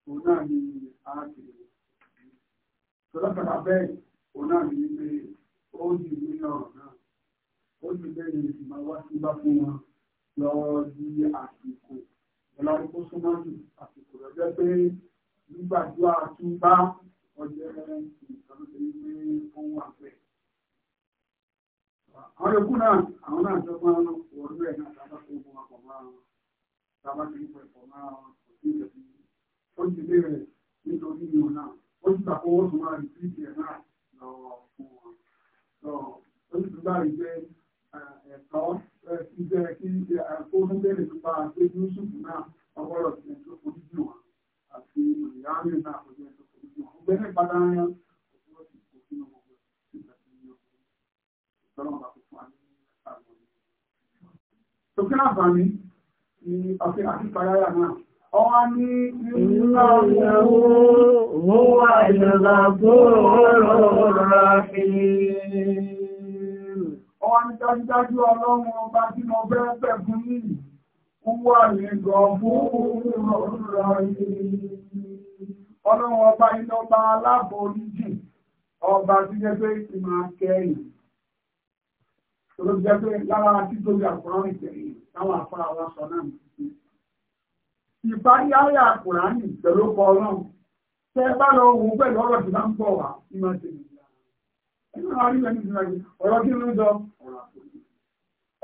òun náà ni arákìnrin tọ́lọ́kàtà bẹ́ẹ̀ òun náà ni pé ó sì ní ọ̀rọ̀ náà ó sì bẹ́ẹ̀ sì máa wá sí bá fún wọn lọ sí àsìkò ìlànà tó súnmọ́ jù pé ó wà bẹ́ẹ̀ àwọn yòókù náà àwọn náà tó máa ń wọlé ẹ̀ náà sábà tó mú wọn pọ̀ máa wọn sábà tó ń pọ̀ pọ̀ máa wọn kò sí ìjọba ó ti lé rẹ̀ nítorí ìwọ̀n náà ó ti gbà pé owó tó máa rí sí ìjẹ náà lọ fún wọn lọ ó sì tún bá rí pé ẹ̀tọ́ ìjẹ́ kí fóònù bẹ̀rẹ̀ tó bá ṣe ní ṣùkú náà ọgbọ́dọ̀ ti ẹ̀ tó fojú jù wọn àti ìyá mi náà fojú ẹ̀ tó fojú jù wọn ọgbẹ́ni padà yẹn. láǹfààní ni ọ̀fẹ́ àti pàdáyà náà ọwá ní ìlàwó wà ìlàgbó rọrọ̀ fi ọwá ní dájúdájú ọlọ́run ọba tí mo bẹ́ pẹ̀kún yìí wà ní gọ̀ọ̀bú rọrọ̀ ọlọ́run ọba iná ọba aláboríjì ọba tí jẹ́ pé ìmọ̀ akẹ́yìn tó ló jẹ́ pé lára títò ìyàkùnrin tẹ̀yìn táwọn afọ àwọn sọ náà nìyí. ìparí ayà kùránì pẹ̀lú kọ ọlọ́run tẹ́ ẹ bá lọ wò pẹ̀lú ọ̀rọ̀ tí wọ́n ń bọ̀ wá ní máa ṣe nìyá. ọ̀rọ̀ kí ló ń sọ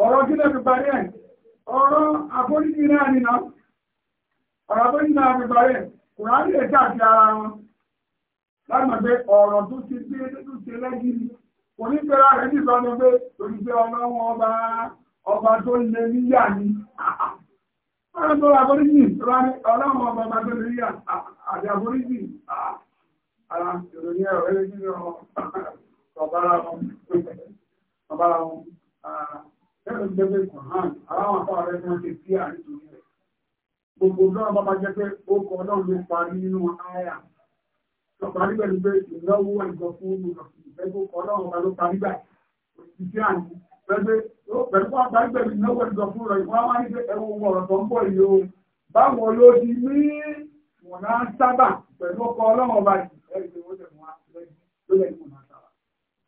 ọ̀rọ̀ kí ló fi parí ẹ̀ ọ̀rọ̀ náà ara wọn pé ọ̀rọ̀ tó ti tó ti lẹ́gìrì onígbèrè nígbà ọba tó lè níyà ní ọ̀rọ̀ tó àforíjì ọlọ́run ọba ọba tó lè níyà àti àforíjì ara ìròyìn ẹ̀rọ ẹ̀rẹ́ nínú ọ̀bára wọn ọ̀bára wọn ẹ̀rọ gbẹ́gbẹ́ kò hàn aláwọ̀ afọ́ rẹ̀ wọ́n ti fi àrítorí rẹ̀ gbogbo náà bá bá jẹ́ pé ó kọ ọlọ́run ló parí nínú àyà lọ parí pẹ̀lú pé ìnáwó ẹ̀gbọ́n fún olùrọ̀ ìfẹ́ tó kọ ọlọ́run ọba ló parí gbà òṣìṣẹ́ àná pẹ̀lú fún àgbàgbẹ̀mí náwó ẹ̀dọ̀ fún rẹ̀ wọ́n wá ní pé ẹwọ́n ọ̀rọ̀ tó ń bọ̀ yìí o báwọn ló ti ní mọ̀nà sábà pẹ̀lú ọkọ̀ ọlọ́run ọba yìí ẹ̀rí tó wọ́n tẹ̀ mọ́ lórí ẹ̀yìn mọ̀nà sábà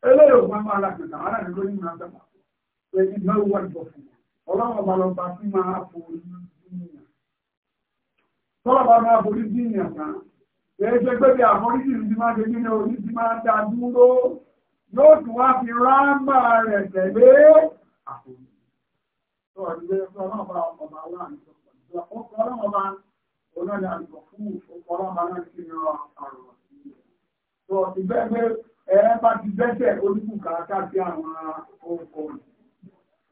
eléyìí òkú máa ń láti àwọn àrùn lórí mọ̀nà sábà pé ìnáwó ẹ̀dọ̀ fún ọlọ́run ọba lọ́ba tí máa forí dínyàn tọ́lọ́ba máa forí dínyàn kan kì í ṣe pé bí àforíjì yóò tún wá fi rámà rẹ̀ tẹ̀lé àkójọ. Ìgbẹ́gbẹ́ ẹ̀rẹ́ bá ti bẹ́sẹ̀ oníkù kàákà sí àwọn ọkọ̀.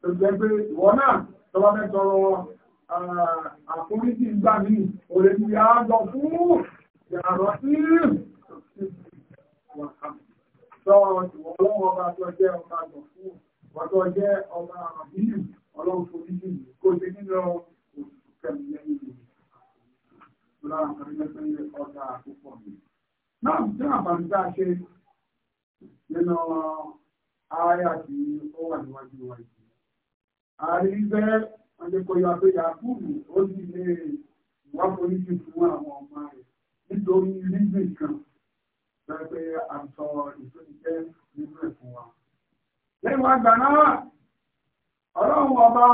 Ìgbẹ́gbẹ́ ìwọ náà tọba fẹ́ tọrọ àforíjì ìgbà ní orí ìyá àjọ fún ìyàrọ̀ sí ìwọ̀n sọ̀rọ̀ ìwọ̀n ọlọ́run ọba tó jẹ́ ọba àgbọ̀fún ọba tó jẹ́ ọba àmàbíyù ọlọ́run forí jù kó ṣe nínú oṣù kẹmí lẹ́yìn ìlú ìlànà àkàrílẹ́sẹ̀ ọ̀dà púpọ̀ mi. náà jẹ́ àbàmìdá ṣe nínú ààyà tí ó wà níwájú wa yìí. ààrẹ ibẹ̀ wọ́n ti kọ́ yọ pé yakubu ó sì lè wá forí jù fún àwọn ọmọ rẹ̀ nítorí rígbìn pé àtọ̀ ìfúnjẹ́ nínú ẹ̀fún wa. lẹ́yìn wá gbà náà ọlọ́run ọba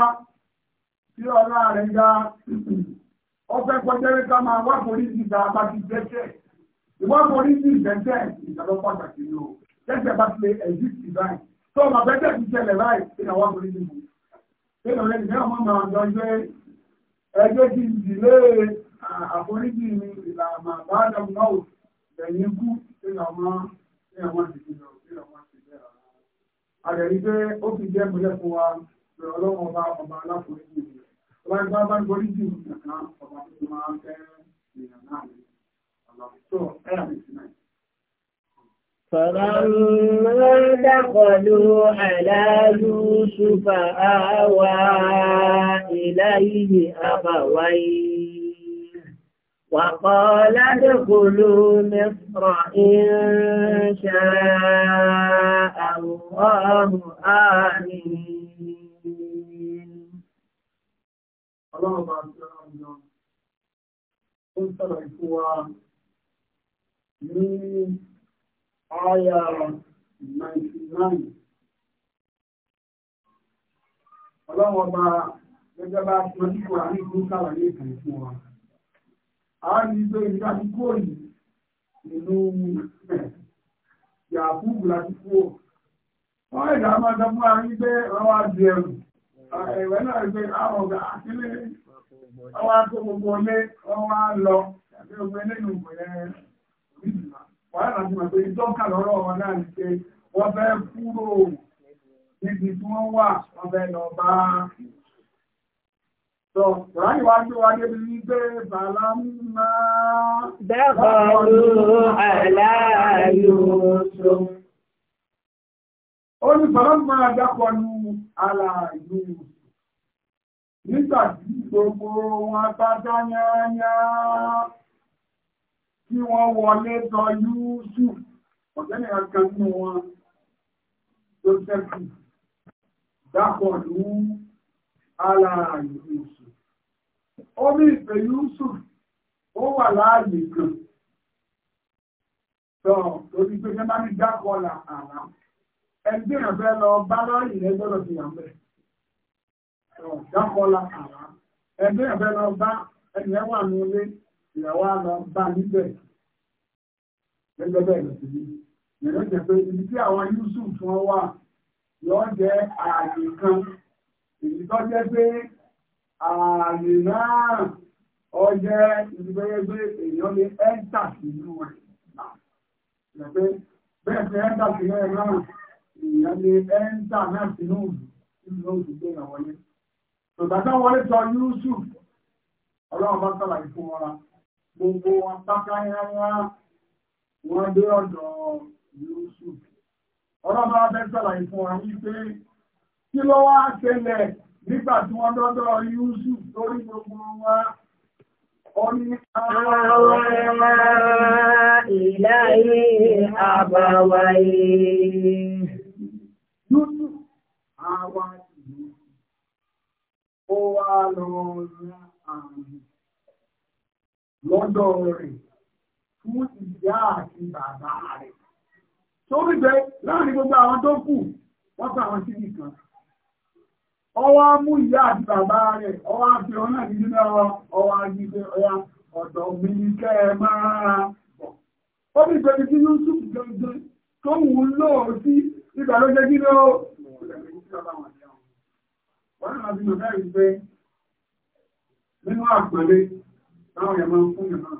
tí ọlá rẹ̀ ga ọfẹ́ pọ́jẹ́rẹ́ ká máa wá polisi ìgbà bá ti dẹ́ṣẹ̀ ìwá polisi ìdẹ́ṣẹ̀ ìjọba pàtàkì ni o dẹ́ṣẹ̀ bá ti lè ẹ̀jú sí báyìí tó ọmọ bẹ́tẹ̀ ti ṣẹlẹ̀ báyìí kí ni àwa polisi mú kí ni ọ̀rẹ́ ìgbẹ́ ọmọ máa jọ gbé ẹgbẹ́ kí n dìlé àforíjì mi ìlànà àbájáde náà ẹ̀yìn kú tí àwọn tí àwọn ìdíje lọ tí àwọn ti bẹ̀rẹ̀ àwọn. àrẹ̀rí pé ó fi jẹ́ ìpínlẹ̀ fún wa lọ ọlọ́run ọba ọba aláforíjì rẹ̀ ọba ìgbà bá ń borí jù nìkan ọba tó máa ń fẹ́ èèyàn náà ní ọlọ́tọ̀ ẹ̀yà mi sí náà. فلما دخلوا على يوسف آوى إليه أبويه وقال ادخلوا مصر إن شاء الله آمين اللهم أكبر قلت الإخوة من آية 99 ọlọ́wọ́ bá gẹ́gẹ́ bá ti mọ́ nípa ní ìlú sàlàyé ìkànnì fún wa a rí pé ìgbà tí kúrò yìí nínú yàkúùbù láti kúrò wọ́n ìdá máa dánmọ́ a rí pé ọwọ́ àti ẹ̀rù ẹ̀wẹ̀ náà rí pé àwọn ọ̀gá akílé ọwọ́ akó gbogbo ọlé ọwọ́ lọ àti ọgbẹ́ lẹ́nu ìpínlẹ̀ wọ́n láti mọ̀ pé ìjọ́kà lọ́rọ̀ wọn náà ní pé wọ́n fẹ́ kúrò níbi tí wọ́n wà wọ́n fẹ́ lọ bá Ìwádìí wá tí wá débi ní gbé bàlá máa dẹ́kọ̀ọ́lú aláàlúṣò. Ó ní bàlá máa dẹ́kọ̀ọ́lú aláàlúṣò. Nígbà tí gbogbo wọn bá dányányá tí wọ́n wọlé tọ Yúúsù, ọ̀gẹ́ni àkàn nínú wọn tó tẹ́kù dákọ̀ọ́lú aláàlúṣò ó ní ìpè Yusuf ó wà láàyè kan tó torí pé kí wọ́n ní dákọ̀ọ́lá àlá ẹgbẹ́ yẹn fẹ́ lọ bá lọ́ọ̀yì yẹn gbọ́dọ̀ fi hàn bẹ́ẹ̀ dákọ̀ọ́lá àlá ẹgbẹ́ yẹn fẹ́ lọ bá ẹ̀yẹ́ wà nílé ìyàwó àlọ́ bá níbẹ̀ gẹ́gẹ́ bẹ́ẹ̀ lọ sí yẹn jẹ́ pé ibi tí àwọn Yusuf wọn wà yọ jẹ́ ààyè kan èyí tó jẹ́ pé ààyè ọjẹ́ ìgbẹ́gbẹ́ èèyàn lè ẹ́ńtà sínú rẹ̀ náà bẹ́ẹ̀ fẹ́ ẹ́ńtà sínú rẹ̀ náà èèyàn lè ya náà sínú ìlú oṣù tó yàn wọlé tòtàtà wọlé sọ Yusuf ọlọ́run bá gbogbo wọn dé ọ̀dọ̀ Yusuf ọlọ́run bá wọn yí nígbà tí wọ́n dọ́dọ̀ yúúsù lórí gbogbo wa ó ní àwọn ìlàyé àbàwáyé yúúsù àwa ìlú ó wá lọ ra àmì lọ́dọ̀ rẹ̀ fún ìyá àti bàbá rẹ̀ tó rí láàrin gbogbo àwọn tó kù wọ́n pa àwọn síbì kan ọwá mú ìyá àti bàbá rẹ̀ ọwá fi ọ̀nà ìdílé ọwá gbígbé ọya ọ̀dọ̀ mi kẹ́ ẹ máa ra pọ̀. ó bí ìgbẹ́ni tí yóò sùn gbẹ̀gbẹ̀ tó ń wù lò ó sí ìgbà ló jẹ́ kí ló wọ́n náà bí mọ̀ bẹ́ẹ̀ pé nínú àpẹẹrẹ táwọn èèyàn máa ń fún yàn náà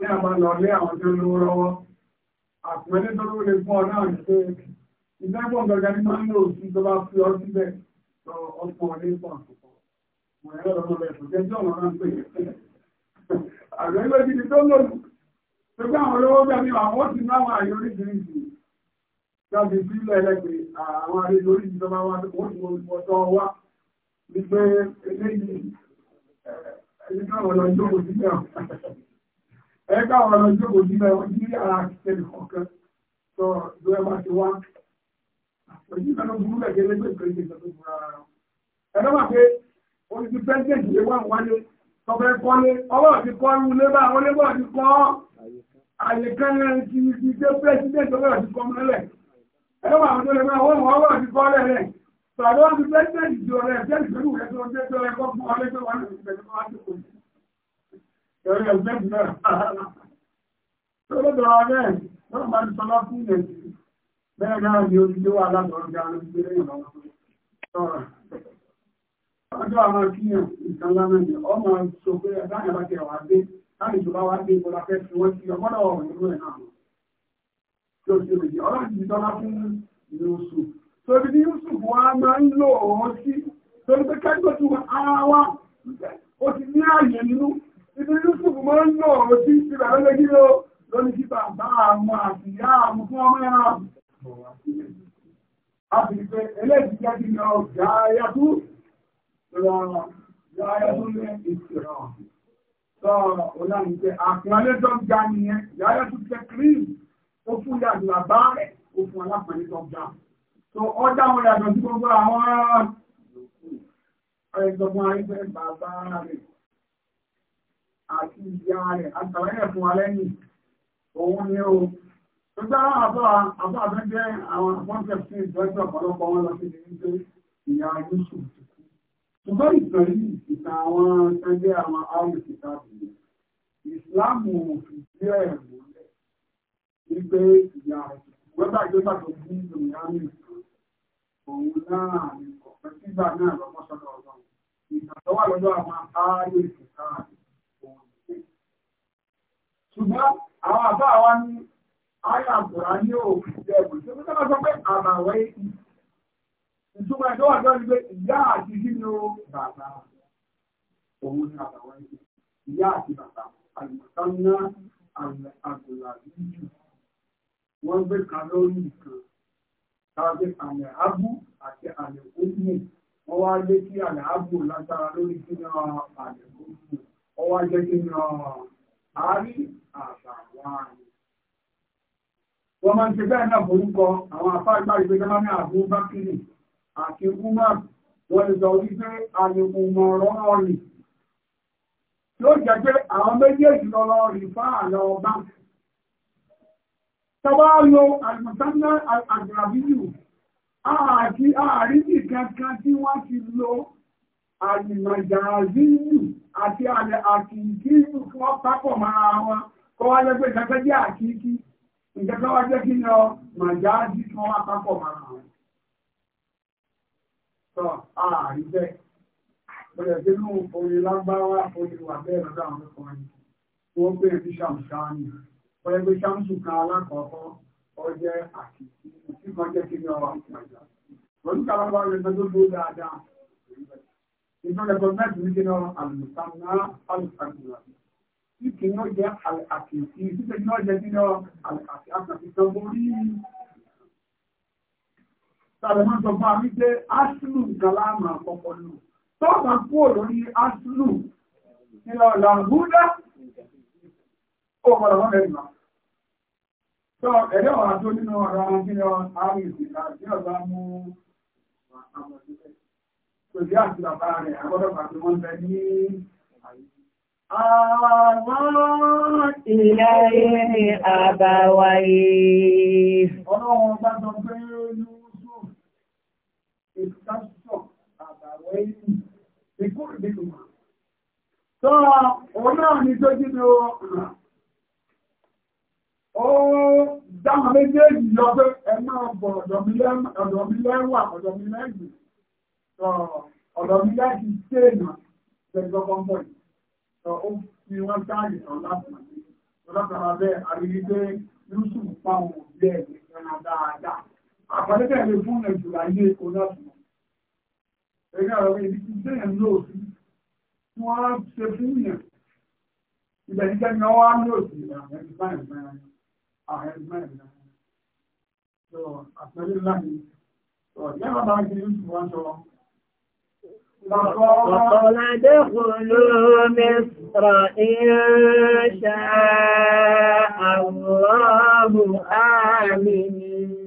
ní àbá lọ lé àwọn tí ó lówó tó lówó lè fún ọ náà ní pé ìdágbọ̀n ní máa ń lò sí tó fi ọ síbẹ̀ ọkùn ọdún fún àkùkọ. Mọ̀ ẹ̀rọ ọmọ rẹ̀ kò jẹ́ jọ́ ọ̀rọ̀ pé àgbẹ̀ ilé gidi tó lòdù. Ṣùgbọ́n àwọn olówó gbà ní àwọn ti láwọn àyè oríṣiríṣi. Jáde sí ilé ẹlẹ́gbẹ̀ àwọn àyè oríṣiríṣi tó bá wá ó ti wọ́n tọ́ wá. Ní pé eléyìí ẹni káwọn lọ jókòó sílẹ̀ ẹ káwọn lọ jókòó sílẹ̀ wọ́n ní ara kẹ̀kẹ́ nìkan kan. Sọ ìlú ẹ bá ti wá Òjú ìlànà burú lẹ̀gẹ́ lẹ́gbẹ̀ẹ́ pẹ̀lú ìjọba tó burú ara rẹ̀. Ẹ̀dọ́ wà pé oníṣẹ́ pẹ́ńtẹ̀jì lé wà wálé, tọ́fẹ́ kọ́lé, ọwọ́ ti kọ́ irú lé bá àwọn olébọ̀ ti kọ́ àyè kan ti ti dé pẹ́sidẹ̀ntì ọwọ́ ti kọ́ mọ́lẹ̀. Ẹ̀dọ́ wà àwọn tó lè máa wọ́n ọwọ́ ti kọ́ lẹ̀rẹ̀. Tọ́lá ti pẹ́sidẹ̀ntì jọ rẹ̀ jẹ́ ìṣẹ́lú rẹ̀ tó dé tó ẹ̀kọ́ fún ọlẹ́gbẹ̀ẹ́ wọn lè fẹ́ lọ́wọ́ ti kò sí. Ẹ̀rọ ẹ̀gbẹ́ bẹ́ẹ̀ náà ni ojú tó wà lágbọ̀njá ló gbé ìrọ̀ sọ́rọ̀ ọjọ́ àwọn kíyàn nǹkan lánàá ni ọ máa sọ pé ẹ̀dáyàn bá tẹ̀ wá dé láti ìjọba wá dé ìbọ̀lá fẹ́ fi wọ́n sí ọgbọ́dọ̀ ọ̀rọ̀ nínú ẹ̀ náà tí ó ṣe òjì ọlọ́run ti tọ́lá fún Yusuf tó ibi tí Yusuf wá máa ń lò ọ̀hún sí tó ní pé kẹ́gbẹ́ tó wà á wá ó ti ní ààyè nínú ibi Yusuf máa ń lò ọ̀hún A ti pé eléyìí jẹ́ kí lọ gáyàtú rọrùn gáyàtú ní ìṣẹ̀rọ̀. Sọ ọ̀lànà pé àpọ̀lẹ́ tó ń ga nìyẹn gáyàtú jẹ́ kírìm ó fún yàtọ̀ àbá rẹ̀ ó fún alápàlẹ́ tó ga. So ọjà wọn yàtọ̀ sí gbogbo àwọn ẹ̀dọ̀gbọ̀n ayé bàbá rẹ̀ àti ìyá rẹ̀ àtàwọn ẹ̀fún alẹ́ yìí òun ni ó. Nígbà àbọ̀ àbọ̀ àbẹ́ jẹ́ àwọn àpọ́ńtẹ̀ sí ìtọ́jú ọ̀pọ̀lọpọ̀ wọn lọ sí ibi wípé ìyá Yusuf ti kú. Ṣùgbọ́n ìtàn yìí ìtàn àwọn ẹgbẹ́ àwọn áwùjọ ìta bìí. Ìsìláàmù fi díẹ̀ múlẹ̀ wípé ìyá wẹ́bà ìjọba tó bí ìlòmìnira ní ìtàn. Òun náà ni kọ̀ọ̀kan sígbà náà lọ́mọ àyà àgbòrá ní òkú ìjẹ́bù tí ó sábà sọ pé àmàwẹ́ ìkù ìtumọ̀ ẹ̀dọ́ wà lọ́rí pé ìyá àti nínú bàbá òun ní àmàwẹ́ ìkù ìyá àti bàbá àlùmọ̀tá ńlá àgbòrá níjù wọ́n gbé kan lórí nìkan tàbí àmì àbú àti àmì òkú wọ́n wá lé kí àmì àbú látara lórí kí ní àmì òkú wọ́n wá jẹ́ kí ní àárín àbàwọ̀ àmì wọ́n máa ń ṣe bẹ́ẹ̀ náà forúkọ àwọn afáàgbárí pé jọba ní àbú bákìrì àti umar wọ́n lè sọ wípé àyẹ̀kùnmọ̀ rọ́rọ́ rì yóò jẹ́ pé àwọn méjèèjì lọ́lọ́ rì fáà lọ bá tọ́wọ́ lo àlùmọ̀tánná àgbàbíyù àti àrídì kankan tí wọ́n ti lo àlùmọ̀jàzíyù àti àkìkí fún pápọ̀ mara wọn kọ́wálẹ́gbẹ̀ẹ́ kankan jẹ́ àkìkí ìjẹ́ká wá jẹ́ kí ni ọ màjá jí kí wọ́n wá pápọ̀ mara sọ ààrí bẹ́ẹ̀ bẹ̀rẹ̀ sí inú orin lágbára orin wà bẹ́ẹ̀ lọ́dọ̀ àwọn ọkùnrin tí wọ́n pè ní ṣàmùsáàmì bẹ́ẹ̀ pé ṣàmùsù kan alákọ̀ọ́kọ́ ọjẹ́ àti tí wọ́n jẹ́ kí ni ọ màjá. oníkà lágbára rẹ̀ tó dáadáa ìtọ́lẹ̀kọ́ mẹ́tìrì kí ni ọ àlùfáà tí kì yóò jẹ́ àkèkí títẹ̀ yóò jẹ́ nínú àkàkì àkàkìtàn borí sàrẹ̀mọ́ sọ fún àmì pé áṣìlù galama àkọ́kọ́ lò tọ́ọ̀bà kúrò lórí áṣìlù nílọ làǹgúdá ó gbọ́dọ̀ wọ́n lẹ́yìn lọ sọ ẹ̀rẹ́ ọ̀rọ̀ tó nínú ọ̀rọ̀ àwọn kí ni àárín ìsìnká tí ọ̀gá mú àwọn ọmọdé pẹ̀lú àti bàbá rẹ̀ àgbọ́dọ̀ pàtó wọn bẹ ní àyíká Ìlàrí àbáwáyé. Ọlọ́run bá sọ pé Yúúsùn, ìtàṣọ̀ àbáwáyé, ikú ìdínú. Tọ́ òun náà ní tó jíni o, ó dáma méjèèjì lọ pé ẹ máa bọ̀ ọ̀dọ̀ mi lẹ́wà, ọ̀dọ̀ mi lẹ́gbì, ọ̀dọ̀ mi lẹ́gbì tí èèyàn, pẹ̀lú ọkọ̀ ń bọ̀ yìí ó fi wọ́n dáàlì kan láti mọ̀ sí ọlọ́pàá bẹ́ẹ̀ àríwí pé yusuf fáwọn òbí ẹ̀ ní ọ̀nà dáadáa àpàdé bẹ́ẹ̀ lè fún ẹ̀jù láyé onásùnmọ̀ ẹgbẹ́ àwọn ibi tí bẹ́ẹ̀ ń lò sí tí wọ́n ṣe fún yẹn ibẹ̀ ní kẹ́ni ọwọ́ á lò sí àwọn ẹ̀jù báyìí báyìí àwọn ẹ̀jù báyìí báyìí وقال ادخلوا مصر إن شاء الله آمنين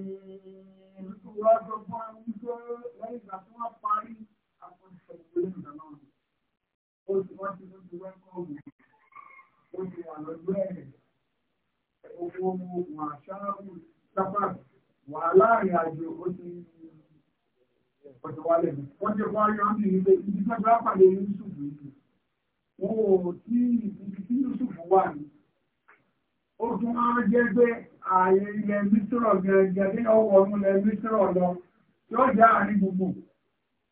Wàhálà ìrìnàjò ó ti ń o wa lẹ́nu wọ́n jẹ́ wá o que ilé ibi tó bá pàdé Yusuf yìí wọn ò tí ibi tí Yusuf wà ní ó tún á jẹ́ pé o ilẹ̀ mísírọ̀ gẹ̀ẹ́gẹ́ ní ọwọ́ ọdún ilẹ̀ mísírọ̀ lọ yóò jẹ́ àárín gbogbo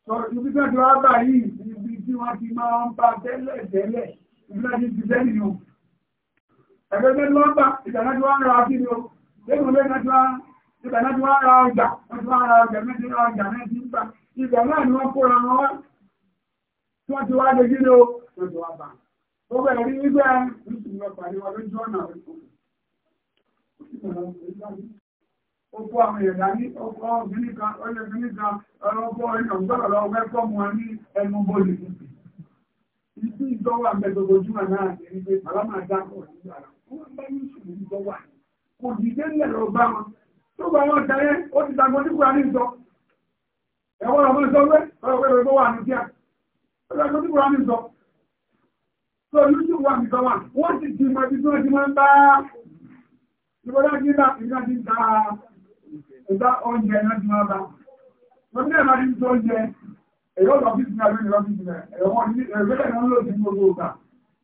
sọ ibi tó bá bà yìí ibi tí wọ́n ti máa ń bá tẹ́lẹ̀ tẹ́lẹ̀ ibi tó ti ti sẹ́yìn o ẹgbẹ́gbẹ́ lọ́gbà ìdánilẹ́jọ́ wa ń ra kí ni o lẹ́gbẹ̀ẹ́ lẹ́gbẹ̀ẹ́ lẹ́gbẹ̀ẹ́ lẹ́gbẹ̀ẹ́ lẹ́gbẹ̀ẹ́ lẹ́gbẹ̀ẹ́ lẹ́gbẹ̀ẹ́ lẹ́gbẹ̀ẹ́ lẹ́gbẹ̀ẹ́ ìgbà náà ni wọ́n kóra wọn wá tí wọ́n ti wá lè gílé o wọ́n ti wá bá ó bẹ̀rẹ̀ rí nígbà nítorí ọ̀pá ní wọn lójú ọ̀nà ó kó àwọn èèyàn dání ọkọ̀ gíníkà ọyẹ gíníkà ọlọ́pọ̀ ìnà gbọ́dọ̀ lọ wẹ́kọ̀ mọ́ ní ẹnu bọ́ọ̀lù níbi ìdí ìdọ́wà mẹ́tọ̀gbọ́júmọ̀ náà ní ẹgbẹ́ àlámà dákọ̀ nígbà wọn bá ní ìṣòro ìdọ́wà kò dìde ńlẹ̀ lọ bá wọn tó bá wọn ẹ̀wọ́n ọmọ ìsọ́gbẹ́ ọ̀pẹ̀lẹ̀ tó wà ní díà ọjọ́ tó wà ní sọ tó lójú wà ní sọ wà wọ́n ti di mọ̀ títí wọ́n ti máa ń bá ìbọ̀dá kí bá ìgbà ti ta ìgbà oúnjẹ náà ti máa bá wọ́n ti ẹ̀ma ti tó oúnjẹ ẹ̀yọ́ lọ sí ìsinmi àbí ìrọ́ sí ìsinmi ẹ̀wọ́n ní ẹ̀rẹ́lẹ̀ náà ló ti gbogbo ọ̀gá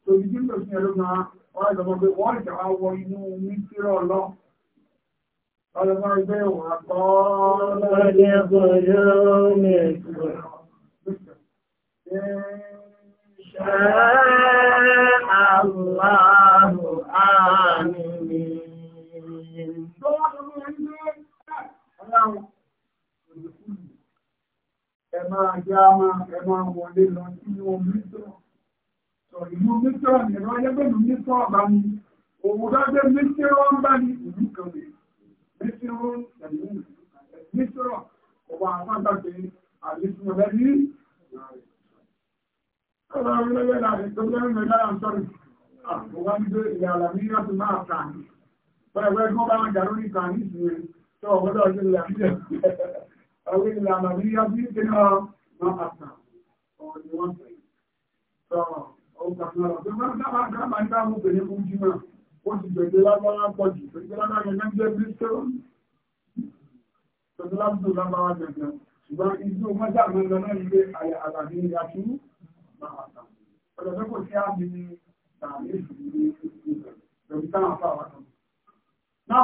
tó ti dín tó sí ẹ̀rọ náà wọ́n ti sọ pé wọ́n ìjọba wọ inú mísírọ̀ ọlọ́ المرجع وقال لظلمك إن شاء الله آمين Ẹ máa jẹ́ a máa ẹ máa wọlé lọ sínú omi tọ́. Sọ ìlú omi tọ́ ni ìrọ́lẹ́gbẹ̀lú ní tọ́ ọ̀bá ni, òun dájẹ́ ní tí wọ́n bá ní ìlú kan lè tí ó ń tẹ̀lé ní sọ̀rọ̀ ọba àpáńtàkì àdísùn ọ̀lẹ́ ní ọba orílẹ̀-èdè láti tó lẹ́rìn mẹ́lára ń sọ̀rọ̀ àbúwá ń gbé ìyá àlàmí láti máa kà ní pẹ̀lẹ́pẹ́ kí wọ́n bá wọn jà lórí kà ní ìsinmi tó ọgbọ́dọ̀ ọjọ́ ìlà ọwọ́ ìlà àlàmí láti ní kíná máa kà ọ̀rọ̀ ni wọ́n sọ Ó ti gbẹ̀gbẹ̀ lágbára pọ̀jù, gbẹ̀gbẹ̀ lágbára yẹn ń jẹ́ Bírísítọ́rọ̀ tó lábùdó lábáwá gẹ̀gẹ̀ ṣùgbọ́n ìjọ mọ́jà mẹ́lọ náà ilé àlàbí ìyàtú bàbàtà ọ̀dọ̀ tó kò sí àmì tàbí ìṣòro ìgbẹ̀ lórí táwọn afọ àwọn kan. náà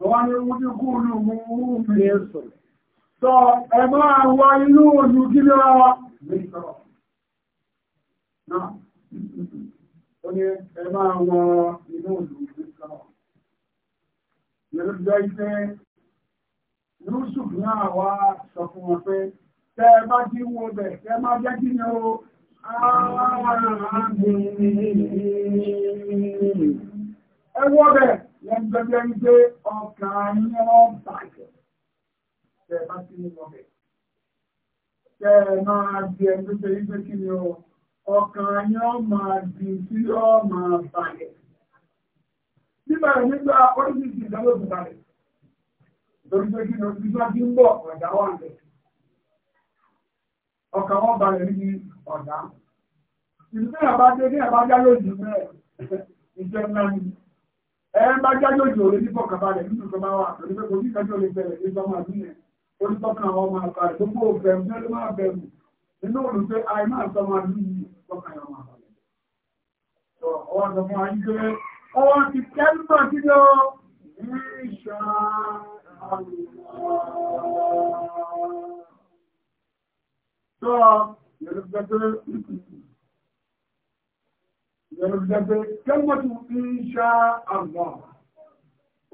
wọ́n wá ní owó tí kú olú mú owó mi ẹ̀ sọ sọ ẹ máa wá inú ojú kí ló rà wá lórí sọ̀rọ̀ náà ó ní ẹ máa Yusuf náà wá sọ fún wọn pé tẹ́ ẹ bá dín wo bẹ̀ tẹ́ ẹ máa jẹ́ kí ni o ẹ wọ́ bẹ̀ lẹ́gbẹ̀gbẹ̀ ń gbé ọkà yín ọ̀bàjẹ́ tẹ́ ẹ bá dín wo bẹ̀ tẹ́ ẹ máa di ẹni tó ṣe yí pé kí ni o ọkàn yín máa di tí ó máa bàjẹ́. Nígbà nígbà oríṣiríṣi ìdánwò ti bàjẹ́. Torí pé kí ni ojú tí ń bọ̀ ọ̀dá wà ń bẹ̀. Ọkàn wọn balẹ̀ níbi ọ̀dá. Ìlú tí àbá dé ní àbá já lójú mẹ́rẹ̀ ìjẹ́ ńlá ni. Ẹ bá já lójú òun ní fọkàn balẹ̀ nínú tó bá wà torí pé kò ní ìkájọ́ lè bẹ̀rẹ̀ ní sọ́mà nílẹ̀. Ó ní tọ́kàn àwọn ọmọ àgbà rẹ̀ gbogbo bẹ̀rù ní ló máa bẹ̀rù. Inú olùfẹ́ àìmá sọ́mà nílẹ̀ tọ́kàn àwọn àgbà rẹ̀. Ọwọ́ àtọ̀mọ́ ayé tó yẹ̀rùgbẹ̀gbẹ̀ kẹ́mọ̀tù ìṣà àgbà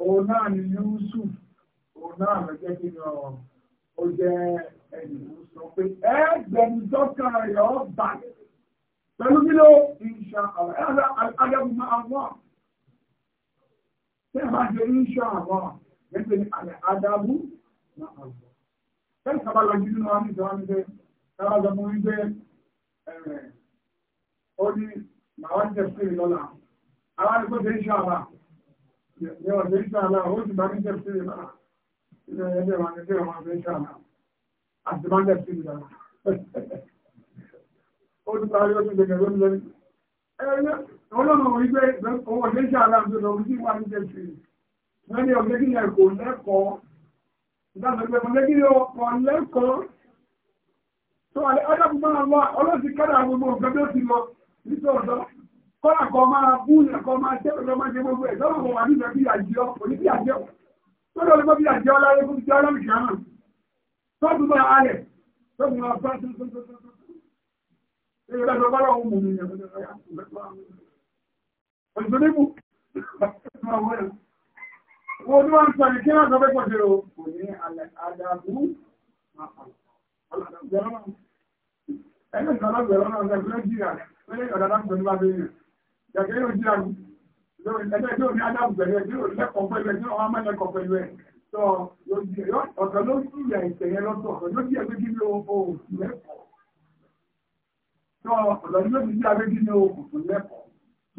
òun náà ni Yusuf òun náà lọ́jẹ́ kí ni ó jẹ́ ẹni sọ pé ẹgbẹ̀rún dọ́kà rẹ̀ ọ́ bàjẹ́ pẹ̀lú kí ló ìṣà àwọn ẹ̀rọ agbẹ́gbẹ̀mọ́ àwọn tẹ́ẹ̀ bá jẹ́ ìṣà àwọn nígbè ní àlẹ́ adágún náà àgbọ̀. Bẹ́ẹ̀ sábà lọ nínú wa ní ìjọba níbẹ̀ sábà lọ mú wípé ó ní màá jẹ sí lọ́la. Àwọn àdúgbò ṣe ń ṣe àbá. Ní ọ̀sẹ̀ ń ṣe àbá, ó sì bá ní jẹ sí lọ́la. Ilé ẹgbẹ́ wa ní kéwàá máa ṣe ń ṣe àbá. Àti máa jẹ sí lọ́la. Ó ti parí ó ti gbẹ̀gẹ̀ lórí lórí. Ẹ̀rọ ọlọ́run wípé owó ṣe ń ṣe àbá àti ọ̀sẹ̀ òun ní jẹ sí wọ́n ní ọ̀gbẹ́gílẹ̀ kò lẹ́kọ̀ọ́ ìdájọ́gbẹ́ ọ̀gbẹ́gílẹ̀ ọkọ̀ lẹ́kọ̀ọ́ tó wà ní ọjọ́gbọ́n àwọn ọlọ́sì kára gbogbo nǹkan tó ti lọ nítòótọ́ kọ́là kan máa bú ẹ̀kọ́ máa jẹ́ ọ̀dọ́ máa jẹ gbogbo ẹ̀dọ́ wọn wà nígbà bí àjọ òní bí àjọ tó lọ lọ́gbọ́n bí àjọ láyé fún ti ọlọ́run kìá náà tó tún bá alẹ̀ tó tún bá bá tuntun tuntun tuntun èyí lọ́dọ̀ bá lọ́wọ́ mú mi ní ọjọ́ Wọ́n ní wọ́n ń sọ ìkí náà sọ́pẹ́ pọ̀ jẹ́rọ kò ní àdàbú Ẹgbẹ́ ìgbàlágbẹ̀rọ náà ọ̀dọ̀ ìgbẹ́ jíra, pẹ́lẹ́ ọ̀dàdágbẹ̀ ní bá bẹ́ẹ̀ rẹ̀. Jàkẹ́ yóò jíra, ẹgbẹ́ tí ó ní adágbẹ̀rẹ̀, ẹgbẹ́ tí ó lẹ́kọ̀ọ́ pẹ̀lú ẹgbẹ́ tí ó wá mẹ́lẹ́kọ̀ọ́ pẹ̀lú ẹ̀. Sọ ọ̀tọ̀ ló sí ìyà ìtẹ̀yẹ lọ́tọ̀, ọ̀tọ̀ ló sí ẹgbẹ́ kí ní o kò lẹ́kọ̀ọ́. Sọ ọ̀tọ̀ ló sí ìyà ìgbẹ́ kí ní o kò lẹ́kọ̀ọ́.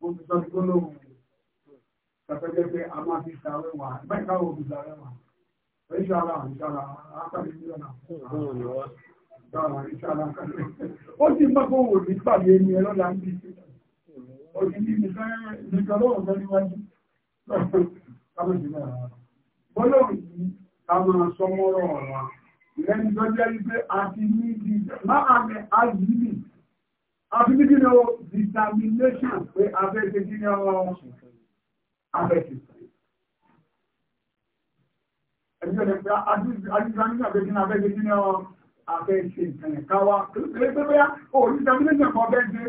mo ti sọ ti gbólóhùn kàtàkẹ́ pé a máa fi sàárẹ̀ wà báyìí káwọn òbí sàárẹ̀ wà ìṣàlá ìṣàlá àkàrí mílíọ̀nà dára ìṣàlá àkàrí ó sì mọ́kọ̀ wò ní pàdé ní ẹlọ́lá ń bí ó sì ní ìṣàlọ́wọ̀ mẹ́ríwájú bọ́lọ́rùn yìí a máa sọmọ́rọ̀ ọ̀rọ̀ lẹ́ni tó jẹ́ wípé a ti ní ìdí máa mẹ́ àjíbì àti bí gíní o determination pé abẹ́gbẹ́ gíní ọ̀rọ̀ abẹ́gbẹ́ ẹgbẹ́ ẹgbẹ́ adúgbàmínú àbẹ́gbẹ́ abẹ́gbẹ́ gíní ọ̀rọ̀ abẹ́gbẹ́ ìtẹ̀yẹ̀ káwà pé bóyá o determination kan bẹ́gbẹ́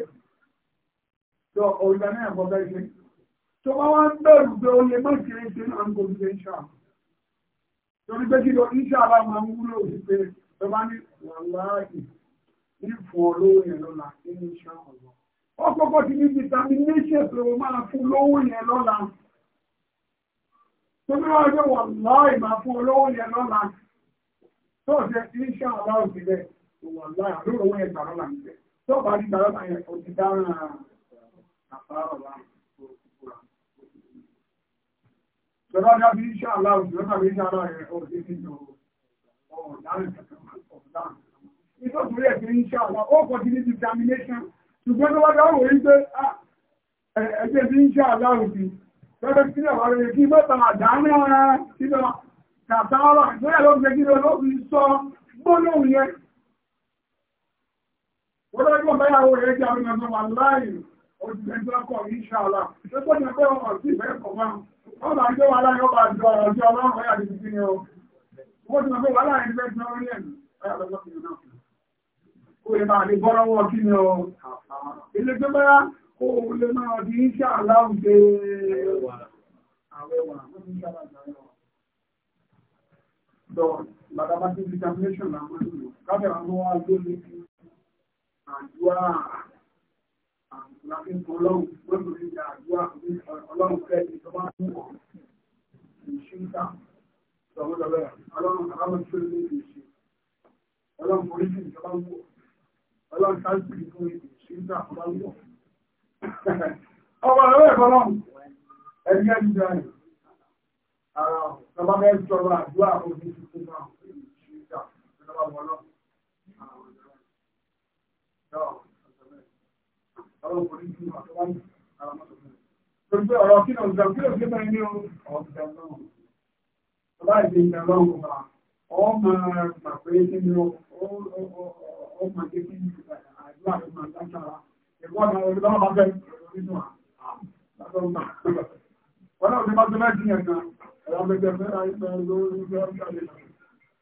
tó o determination kan bẹ́gbẹ́ tó bá wá bẹ̀rù pé o lè má ṣe é ṣe náà ń kó ṣe ń ṣà torí pé kí lo iṣẹ́ àbá máa ń wúlò sí tó bá ní wàhálà ìfẹ́ ní fún olówó yẹn lọ́la nínú iṣẹ́ ọ̀gbọ̀n. ó kọ́kọ́ ti ní determination pé o máa fún olówó yẹn lọ́la. tó bí wọ́n ṣe wọ̀ lọ́ọ̀ ìmọ̀ fún olówó yẹn lọ́la. tó o ṣe ti iṣẹ́ ọ̀la òsì bẹ́ẹ̀ tó wọ̀ lọ́ọ̀ àlóòrò owó yẹn gbà lọ́la níbẹ̀. tó o bá rí gbà lọ́la yẹn o ti dára àpárá ọ̀la. Ìjọba ní a fi iṣẹ́ àlá òsì lọ́nà ìṣẹ́ àlá yẹn o ti fi ìtòkùnrin ẹ̀ fi ń ṣàlọ́ ó kọ̀ sí ní determination ṣùgbọ́n tó wá dáwọ̀ orí pé ah, ẹgbẹ́ fi ń ṣàlọ́ òbí lọ́dọ̀ sí ìwà rẹ̀ kí mọ́ta àdáná ìlọ kàtàrà ìgbéyà ló fẹ́ kí lọ ló fi sọ gbóná yẹn wọ́n lọ́dọ̀ ìgbọ́n báyà ó rẹ̀ kí àwọn ọmọ wà láàyè òṣìṣẹ́ tó kọ̀ ní ṣàlọ́ tó pọ̀ ní pé wọn sì fẹ́ kọ̀ máa wọ́n bá ń gbé wàhálà yóò bá jọ ọ̀rọ̀ jọ ọlọ́run ọ̀yà kó lè máa ọlọ́run fẹ́ ìjọba ń wọ̀ ní ṣíńtà. ọlọ́run àbámọ̀ tí ọlọ́run sáàsì fún ìṣẹ́gbà àbáwọ̀. ọba ẹ̀rọ ẹ̀kọ́ náà ẹ̀yẹ́ ìjà rẹ̀ ara ọba bẹ́ẹ̀ sọ̀rọ̀ àdúrà òní tuntun náà ìṣẹ́gbà ìjọba wọn náà. ọlọ́run kò ní ju àtọwáyé ara mọ́tò fún mi. gbogbo ọ̀rọ̀ kí ló ń gbà kí ló ń gbé bẹ́ẹ̀ ní ọ̀rọ̀ ìjà náà. ọba ìjà náà wò wá ọ máa gbà pé kí ni ó ó máa jẹ́ kí àdúrà tó máa dáṣára ẹ̀kọ́ àwọn olùdáwọ̀ bá fẹ́ nínú àtọ́gbà wọ́n náà ní bá tẹ́lẹ̀ dín ẹ̀ka ẹ̀rọ abẹ́gbẹ́ fẹ́ ayé fẹ́ lórí ìgbẹ́ ọjọ́ àlejò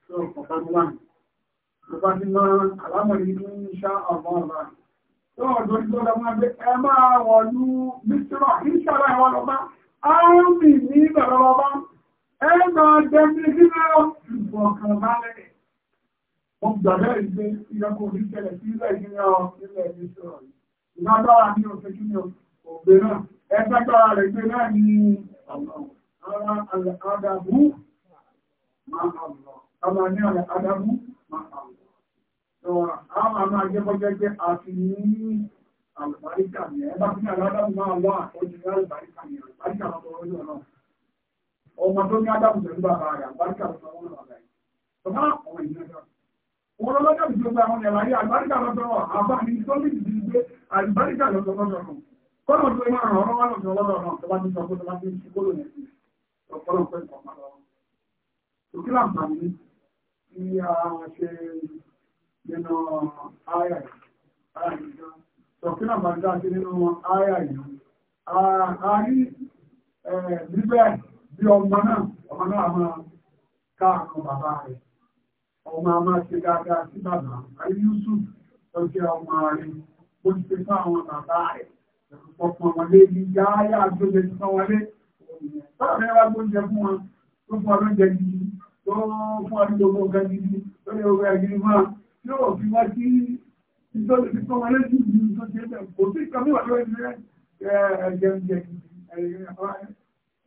tó kọ̀ọ̀kan wà ní ọba ti máa àlámọ̀ ní ṣá ọ̀gbọ́n ọ̀la tó ọ̀dọ́ ní tó dámọ́ pé ẹ máa wọ̀lú mísírà ìṣàlá ẹ̀wọ̀n lọ́ba áàmì ní ìbẹ̀rẹ̀ lọ́ba ẹ máa jẹ́ bí sílẹ̀ ìfọ̀kànbalẹ̀ Mo gbà bẹ́ẹ̀ pé ìyọkọ̀ oníṣẹ̀lẹ̀ sí ilẹ̀ ìgbìyàn ilẹ̀ ìṣòro yìí. Ìlágbára ní òfin kí ni ògbé náà. Ẹgbẹ́gbára rẹ̀ gbé náà ní àwọn àdàbú máa àlọ́. Àwọn ní àdàbú máa àlọ́. Àwọn àmà jẹ́bọ́jẹ́jẹ́ àti ní àlùbáríkà ní ẹgbà tí àládàbù máa lọ àtọ́jú ní àlùbáríkà ní àlùbáríkà lọ́tọ̀ ọjọ́ náà. Ọmọ tó ní àdàbù pẹ̀lú bàbá rẹ̀ àlùbáríkà lọ́tọ̀ ọjọ́ náà. Bàbá àwọn ìyẹn náà. Òun lọ́jọ́ ìjọba àwọn ẹ̀rọ ayé àgbáríkà lọ́dọ̀ọ́ àbá ní sọ́lì ìdí pé àgbáríkà lọ́dọ̀ọ́dọ̀ náà. Kọ́nà tó máa ràn ọ́rọ́ wà lọ́dọ̀ọ́dọ̀ náà tó bá ti sọ pé tó bá ti ń ṣe kólò yẹn sí. Ọ̀pọ̀lọpọ̀ pẹ̀lú ọ̀pá lọ́wọ́. Òkè láǹfààní ní a ṣe nínú áyà ìjọ. Òkè láǹfààní dá sí nínú áyà ìjọ. A rí bíbẹ̀ bí ọmọ náà, ọmọ náà máa ká àwọn bàbá rẹ̀ ọmọ a máa ṣe dáadáa sí bàbá àrí Yusuf tó jẹ́ ọmọ rẹ̀ ó ti ṣe fún àwọn bàbá rẹ̀ ọ̀pọ̀ wọlé ní yáyà àjọyọ̀ ti fún wọlé sọ̀rọ̀ rẹ̀ wá gbóúnjẹ fún wọn tó fún ọdún jẹ gidi tó fún ọdún gbogbo nǹkan gidi tó lè wọ gidi máa yóò fi wá sí ìtọ́jú ti fún wọlé sí ìlú tó ṣe bẹ̀ kò sí ìkàmú ìwà lórí ẹgbẹ́ oúnjẹ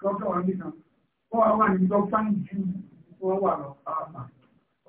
kọ́ńtà wà nìkan ó wà wà ní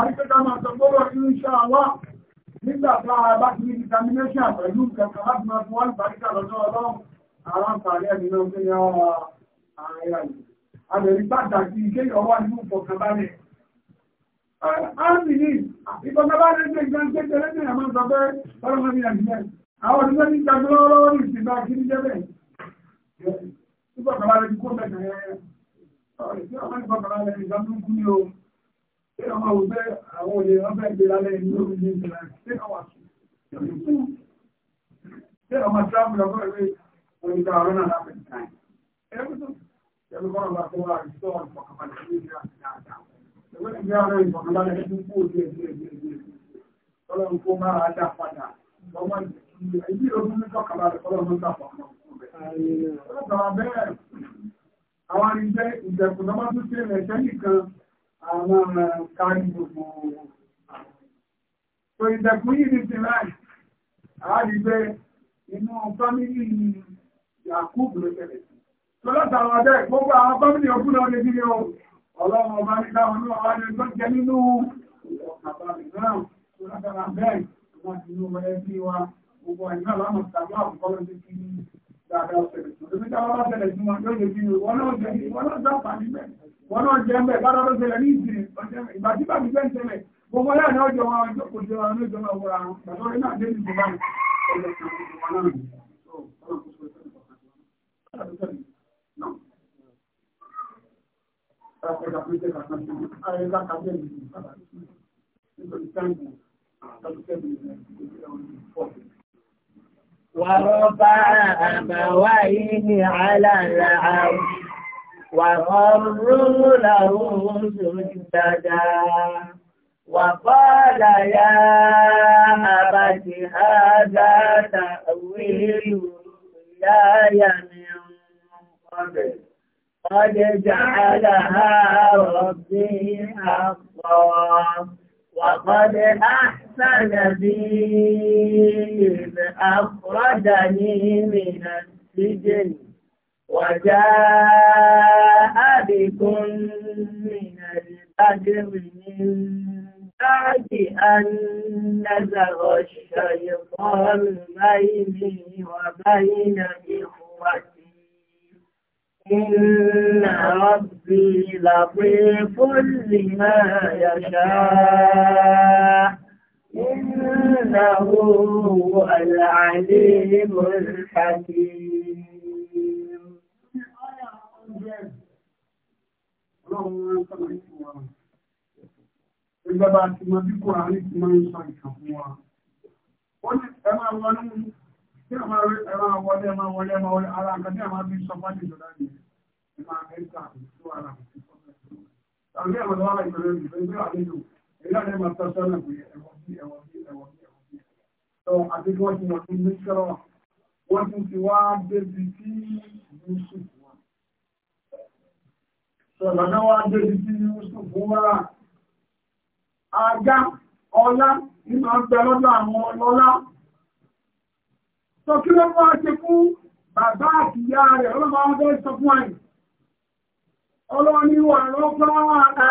àríkẹ́ta máa sọ gbọ́rọ̀ inú iṣẹ́ àwá nígbàtà bá ti ní determination pẹ̀lú kẹta láti máa fún wọ́n ìbáríkà lọ́jọ́ ọlọ́run àwọn àǹfààní ẹ̀mí náà tó yá ààrẹ àyè àbẹ̀rí pàtàkì ilé ìyọwọ́ inú ìfọ̀kànbalẹ̀ àmìlì ìfọ̀kànbalẹ̀ ṣe ìgbàgbẹ́gbẹ̀rẹ́ ní àmọ́ sọ pé ọlọ́run ní àjíjẹ́ àwọn òṣìṣẹ́ ní ìjàgbẹ́ lọ́wọ́lọ́wọ́ ní ìsìnkú àkíní jẹ́ bẹ́ẹ̀ ìfọ̀kànbalẹ̀ ti kó mẹ́ta ẹ̀ Tí ọmọ òfẹ́ àwọn olè wọ́n fẹ́ gbé lálẹ́ inú orí ní ìṣẹ̀lẹ̀ tí ọmọ àṣùn. Tí ọmọ tíráàmù lọ́kọ́ ìwé oríta ọ̀rọ̀ náà láti ìtàn. Ẹgbẹ́ tó kọ́ ọ̀rọ̀ àti wà ìṣọ́ ìfọ̀kànbalẹ̀ ní ìṣẹ́ àti dáadáa. Ẹgbẹ́ ìgbé ọ̀rọ̀ ìfọ̀kànbalẹ̀ ní kú òjò èdè èdè èdè. Ọlọ́run kó máa dá padà. Ọmọ ìdí ìdí ọdún ní kọ́kànbalẹ̀ ọlọ́run dá padà. Ọlọ́run bẹ̀rẹ̀ àwọn arìnjẹ́ ìjẹ̀kùn lọ́mọdún sí ẹ̀ṣẹ́ nìkan àwọn eh, kárí gbogbo so ìdẹ̀kùn yìí ní ti láì àárígbé inú fámílì Yakubu ló tẹ̀lẹ̀ tó látàwọn ọdẹ gbogbo àwọn fámílì ọkùn náà lè nílé ọlọ́run ọba ní káwọn ní ọwá ní ọjọ́ jẹ nínú àbámi náà tó látàrà bẹ́ẹ̀ wọ́n ti ní ọmọ ẹbí wa gbogbo àìmọ́ àlámọ̀ tàbí àbùkọ́ ló ti fi dáadáa ọ̀sẹ̀lẹ̀ tó lóbi táwọn bá tẹ̀lẹ̀ sí wọn yóò lè bí wọn náà jẹ́ ìwọ́n náà dápà níbẹ̀ wọn náà jẹ́ mbẹ́ bá lọ́dún ṣẹlẹ̀ ní ìsìn ìgbà tí bàbí fẹ́ gbogbo náà ní ọjọ́ wọn ọjọ́ kò jẹ́ wọn lójọ́ náà wọra wọn ọjọ́ kan wọn náà nì وخروا له سجدا وقال يا أبت هذا تأويل لا من قبل قد جعلها ربي حقا وقد أحسن بي إذ أخرجني من السجن وجاء بكم من البدر من بعد أن نزغ الشيطان بيني وبين إخوتي إن ربي لطيف لما يشاء إنه هو العليم الحكيم ọlọ́run sọ̀rọ̀ yìí fún wa. Ìjọba ti mọ bí Kùránì ti máa ń sọ ìtàn fún wa. Ó ní ẹ máa wọlé mú kí ẹ máa rí ẹ máa wọlé ẹ máa wọlé ẹ máa wọlé ara nǹkan tí a máa fi sọ fún àjèjọ láti ẹ máa ẹ ta àkókò ara àti sọ́kẹ́. Tàbí àwọn ọlọ́wà ìpínlẹ̀ ìgbẹ́ ìgbẹ́ àlejò èyí àti ẹ̀ma tọ́sọ́ náà pé ẹ̀wọ̀ bí ẹ̀wọ̀ bí ẹ̀wọ̀ bí ẹ̀wọ̀ bí. Sọ àti kí wọ́n ti mọ̀ sí Mísírọ̀, sọ̀lọ́nà wá débi tí Yusuf wá ajá ọlá nínú ọgbẹ́ lọ́dọ̀ àwọn ọlọ́lá sọ kí ló wá ṣe fún bàbá àkìyá rẹ̀ ọlọ́mọ ọgbẹ́ sọ fún àyè ọlọ́ni wà lọ́pọ̀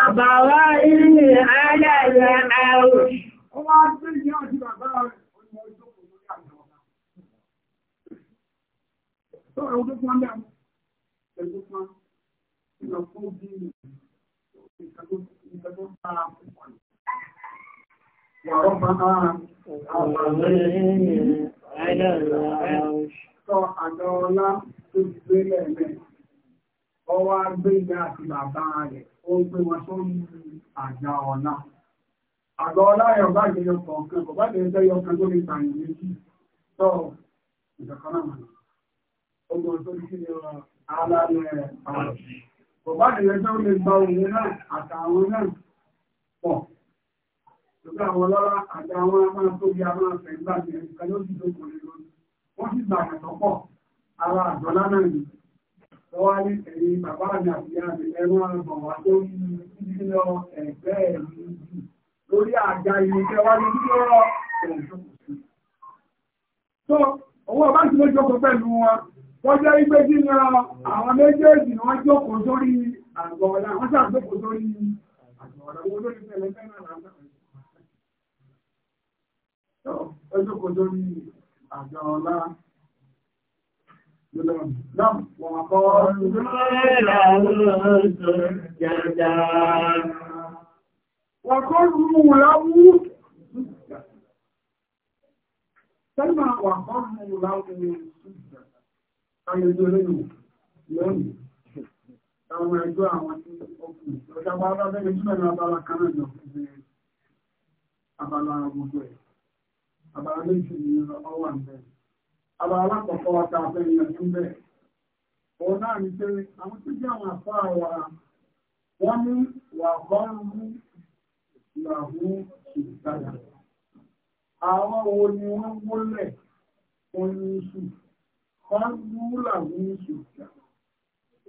àbàwá ilẹ̀ aláàrẹ àrùn ó wá gbé ní àti bàbá rẹ̀ ọmọ ìjọpọ̀ lórí àjọ ọ̀gá tó ẹ̀rọ tó fún ọmọ ẹ̀rọ tó fún ọmọ lọ fún bí ìgbà tó bá a fún wọn. وربنا أعلمين على العرش فأدولا تبليني ọwọ́ agbẹ́gbẹ́ àti bàbá rẹ̀ ó ń pè wọn sórí àjà ọ̀la àgbà ọ̀la ẹ̀ ọ̀bá ìjẹyọ kọ̀ọ̀kan kò bá tẹ̀lé tẹ́yọ kan tó lè tàyè méjì tọ́ ìjọkan náà ó gbọ́n sórí sí ni ọ̀la rẹ̀ pàṣẹ. Bọ̀bá ìrẹ́ tó lè gba òun náà àtàwọn náà pọ̀. Lọ́gbà àwọn ọlọ́lá àti àwọn amára tó bí amára fẹ̀ ń gbàgbé ẹ̀ka yóò sì tó kòrè lónìí. Wọ́n sì gbà àtọ̀ pọ̀ ara àjọlá náà nì. Lọ́wọ́ ní ẹ̀yìn bàbá mi àti ìyá mi ẹnu àgbọ̀n wá tó ń lọ ẹ̀gbẹ́ ẹ̀mí lórí àga ìrìnkẹ́ wá ní kí ó rọ̀ ẹ̀ṣọ́kùsí. So, owó ọba ti lójọ́kọ̀ pẹ̀lú wọn wọ́n jẹ́ ipé kí ni àwọn méjèèjì ni wọ́n jókòó sórí àgbọ̀ọ̀lá wọ́n ṣàgbékò sórí sórí àgbọ̀ọ̀lá wọ́n kọ́ Wọ́n láwú. Sẹ́gbà wà kọ́ rú láwú káyọjú olóyìn lónìí táwọn ẹjọ́ àwọn tí ó kù lọ́jọ́ bá bá bẹ́ẹ̀ nígbà ní abala kan náà lọ fún mi abala gbogbo ẹ̀ abala méjì ni ọ wà ń bẹ̀ abala alákọ̀ọ́kọ́ wa ta abẹ́ yẹn tún bẹ̀ òun náà ní pé àwọn tó jẹ́ àwọn àfọ́ àwa wọ́n ní wà bọ́ọ̀rù ìyàwó ìgbàlá àwọn wo ni wọ́n wólẹ̀ kọ́ńdúlà Yúsùfù.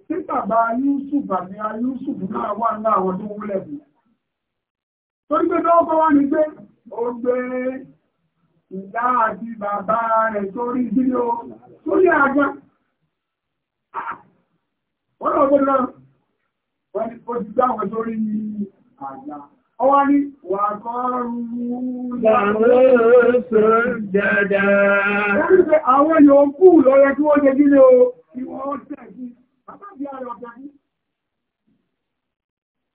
Tí bàbá Yúsùfù àti Yúsùfù náà wà ní àwọn tó wúlẹ̀ bù. Torí pé tọ́wọ́ wá ní pé ó gbé ìyá àti bàbá rẹ̀ sórí ìdílé o sórí àgbà. Wọ́n lọ gbọ́dọ̀ wọ́n ti gbá wọn sórí àgbà. Ọwá ní wà Àwọn èèyàn kú lọ́rẹ tí wọ́n jẹ gílé o, kí wọ́n tẹ̀ sí, bàbá bí ààrẹ ọ̀tẹ̀ sí.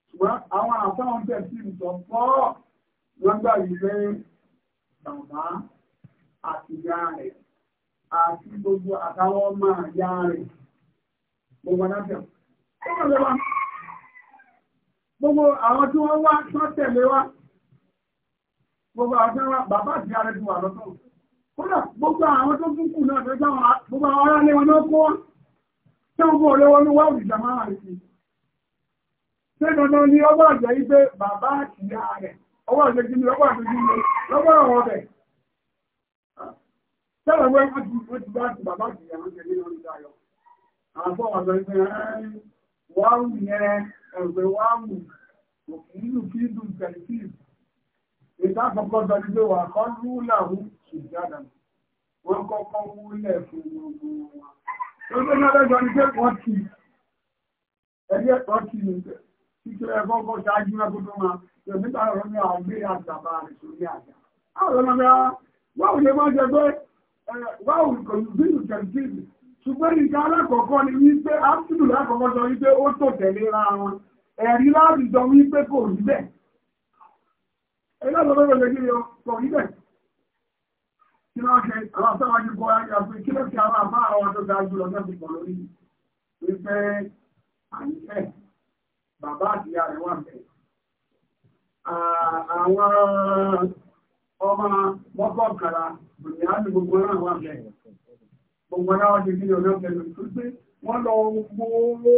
Ṣùgbọ́n àwọn àfáwọn tẹ̀ sí ìtọ̀ fọ́ lọ́gbà ìfẹ́ bàbá àti ìyá rẹ̀ àti gbogbo àtàwọn ọmọ ìyá rẹ̀. Gbogbo gbogbo àwọn tí wọ́n wá tán gbogbo àwọn tí wá bàbá àti ààrẹ ti wà lọ́tọ̀ kódà gbogbo àwọn tó tún náà gbogbo àwọn ará wọn náà kó wọn tí ní wá òrìṣà máa sí ṣé dandan ni ọgbà àjẹ́ yìí pé bàbá àti ààrẹ ọwọ́ àjẹ́ kí ni ọgbà àjẹ́ kí ni lọ́gbà àwọn ọbẹ̀ tẹ́lẹ̀ wọ́n ti bá wáwù yẹn ẹ̀wẹ̀ wáwù òkìlù kìlù tẹ̀sí ìta kọ́kọ́ sọ ní pé wà kọ́ lúlà wù sùjádà wọ́n kọ́kọ́ wúlẹ̀ fún gbogbo wọn. tó tó náà lẹ́jọ́ ni pé wọ́n ti ẹgbẹ́ kan ti títí ẹ̀kọ́ kọ́ ṣáájú ẹ̀kọ́ tó máa ṣe nígbà ọ̀rọ̀ ní àgbé àgbàbà rẹ̀ sórí àjà. àwọn ọ̀rọ̀ náà wáwù yẹn máa ń ṣe pé wáwù kò ṣùgbọ́n ìgbà alákọ̀ọ́kọ́ ni wípé ápùdù lákọ̀ọ́kọ́ sọ wípé ó tò tẹ̀lé ra wọn ẹ̀rí láti jọ wípé kò rí bẹ́ẹ̀ ẹlọ́sọ̀lọ́rọ̀ lè gírí ọkọ̀ rí bẹ́ẹ̀ kí ló ṣe àwọn àtàwájú kọ́ ayé àpé kí ló ṣe àwọn àbá àwọn tó ga jùlọ lọ́sì pọ̀ lórí wípé àyíṣẹ́ bàbá àti ìyá rẹ̀ wà bẹ́ẹ̀ àwọn ọmọ mọ́kọ̀ọ̀kara bùnìyàn gbogbo gbogbo náà ti bí ọjọ́ pẹ̀lú tó pé wọ́n lọ gbogbo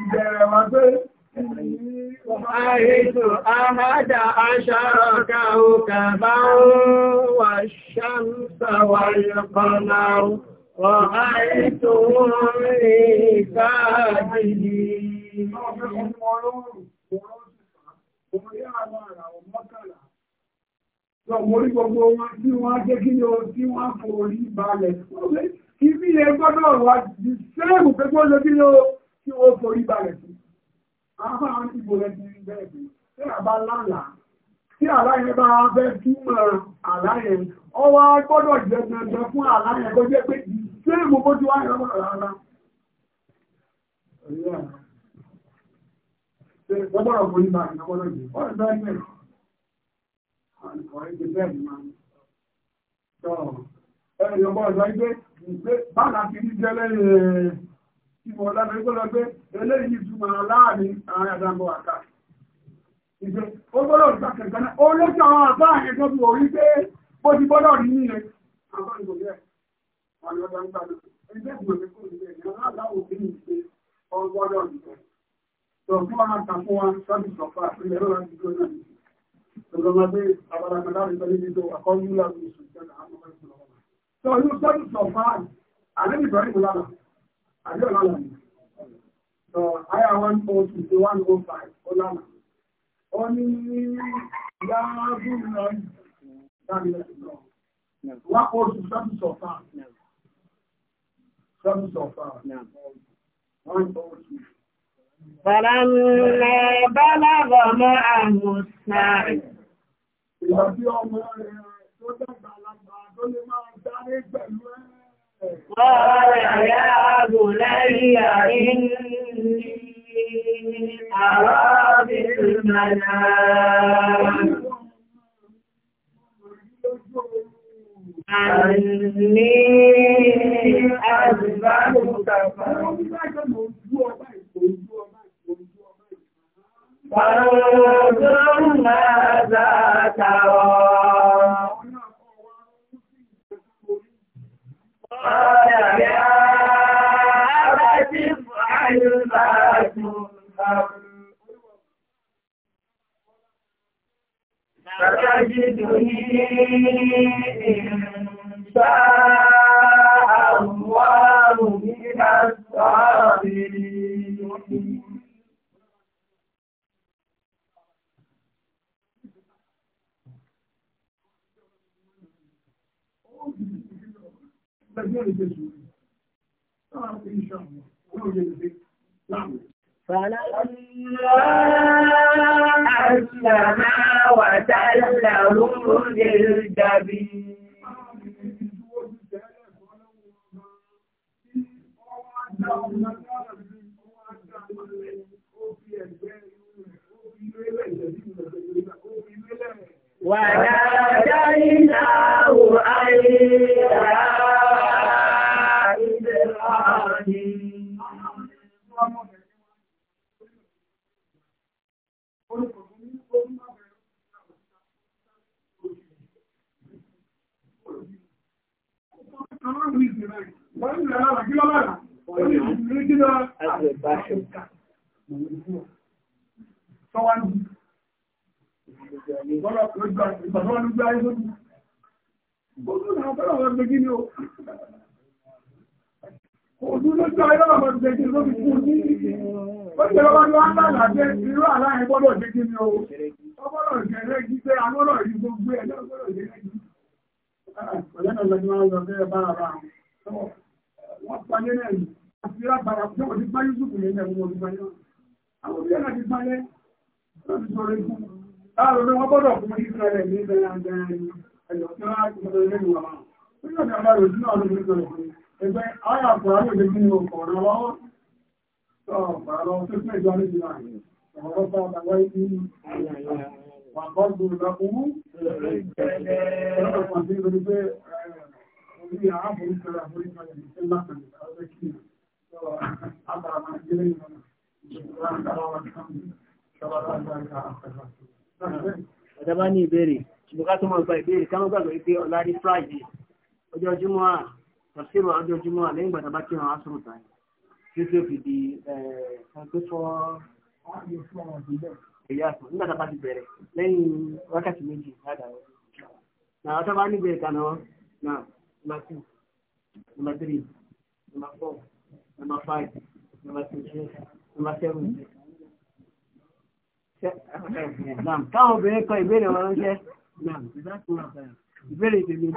ìbẹ̀rẹ̀ wá pé Àìsù àhádà aṣára káhù kàbá wà ṣámsà wà yọ̀kọ̀nà wà àìsù orí ìsáàdìdì. Ọ̀pẹ́ ọmọ ọlọ́rùn-ún, ọmọ ọlọ́rùn-ún, ọmọ yára lára Lọ́mọrí gbogbo wọn tí wọ́n jẹ́ kí ni o tí wọ́n kò rí balẹ̀. Kí bí ẹ gbọ́dọ̀ wà di sẹ́ẹ̀mù pé kó lókí ni o tí wọ́n kò rí balẹ̀ sí. Àwọn àwọn ìbò rẹ̀ ti rí bẹ́ẹ̀ bí. Ṣé àbá lálàá? Tí àláyẹ bá fẹ́ túmọ̀ àláyẹ, ọwọ́ gbọ́dọ̀ jẹ́ dandan fún àláyẹ kó jẹ́ pé sẹ́ẹ̀mù kó ti wáyé lọ́wọ́ rárá. Ṣé gbọ́dọ̀ kò rí balẹ̀ Ìgbò ọ̀dọ́gbẹ́ gbọ́lọ́ pé eléyìí ìtumọ̀ láàrin àwọn àdàmọ̀ àkà. Ìgbè ó gbọ́lọ̀ ìgbàkẹ̀kẹ́ náà, ó lókè àwọn àbá àyẹ̀kọ́ bí orí pé bó ti gbọ́lọ̀ rí ní ẹ̀. Àwọn ìgbò yẹ, àwọn ìgbàgbà náà, ẹgbẹ́ ìgbòmí kò ní ẹ̀ ní aláwọ̀ bí i ṣe ọgbọ́lọ̀ ìgbẹ̀. Tọ̀kọ́ Ìjọmọdé abárakadá ìtọ́lé ní tó àkọ́jú láàrin ìṣòjẹ́ àwọn ọmọ ìṣòlọ́wọ́. Sọ yóò sọ́dún sọ fáàlì, àdébì bẹ̀rẹ̀ ìlú lára, àdébì lára ni. Sọ àyà 102 to 105, ó lára. Ó ní yáábùn náà dábì lẹ́sìn náà. Wá kó oṣù sọ́dún sọ fáàlì. Sọ́dún sọ fáàlì. 102. فلما بلغ معه السعي Ìgbàgbé ọmọ rẹ̀ tó dàgbà lágbà tó lè máa dárí فانظر ماذا ترى قال يا أبت افعل ما تؤمر ستجدني إن شاء الله من الصابرين Tẹ̀gbọ́n lè ṣe sùúrù. Táwọn àti وناديناه أن يا إبراهيم Someone Òdú ló jọ ayọ́ ọmọ ìgbèjì ló fi kú ní ìgbè. Ó jẹ́ ọwọ́ ló ń lára jẹ́ irú aláàrin gbọ́dọ̀ jẹ́ kí ni o. Ọgbọ́dọ̀ gẹ̀rẹ́ jí pé agbọ́dọ̀ yìí gbogbo ẹ̀ lọ́gbọ́dọ̀ gẹ̀rẹ́ jí. Ọ̀lẹ́nà lọ ni wọ́n lọ bẹ́ẹ̀ bára bá wọn. Wọ́n pa ní ẹ̀yìn. Àti lábàrá tí wọ́n ti gbá Yúsùkù ní ẹ̀mú olùgbàyàn. Àwọn bí ẹ̀rọ ti gbáyé. Wọ́n ti sọ̀rọ̀ ikú. Táàrùn ní wọ́n gbọ́dọ̀ fún Ìsìnlẹ̀ ní Ìgbẹ̀rẹ̀ ẹ̀yọ̀ tí wọ́n á kí ọdún lẹ́nu àwọn. Ó ní ọ̀dọ̀ àbárò sínú ọdún Ìsìnlẹ̀ ẹgbẹ́ ayà àpòrá lè gbé ní ọkọ̀ ọ̀rọ̀ lọ́wọ́. Sọ ọ̀pọ̀ àlọ́ tó fún ìjọ ní ìlànà. Ọ̀rọ̀ bá ọ̀dà wáyé ní wà bọ́ọ̀dù lọ́kùnrin. Ọ̀rọ̀ kan sí ìròyìn pé orí àábòrí ọ̀dọ́bá ní ìbéèrè ṣùgbọ́n ká tó máa gba ìbéèrè ká máa gbàgbé pé ọ̀la rí friday ọjọ́ júmọ́ à tọ̀síwò ọjọ́ júmọ́ à lẹ́yìn gbàdá bá kí wọn á sọ̀rọ̀ tán tí tí ó fi di ẹ̀ẹ́dẹ́fọ́ èyí àtọ̀ nígbà tá a bá ti bẹ̀rẹ̀ lẹ́yìn wákàtí méjì ládàá náà ọ̀tá bá ní ìbéèrè kan náà náà number two number three number Káwọn obìnrin kan ìbéèrè wọn ránṣẹ́. Ìbéèrè ìtẹ̀lé.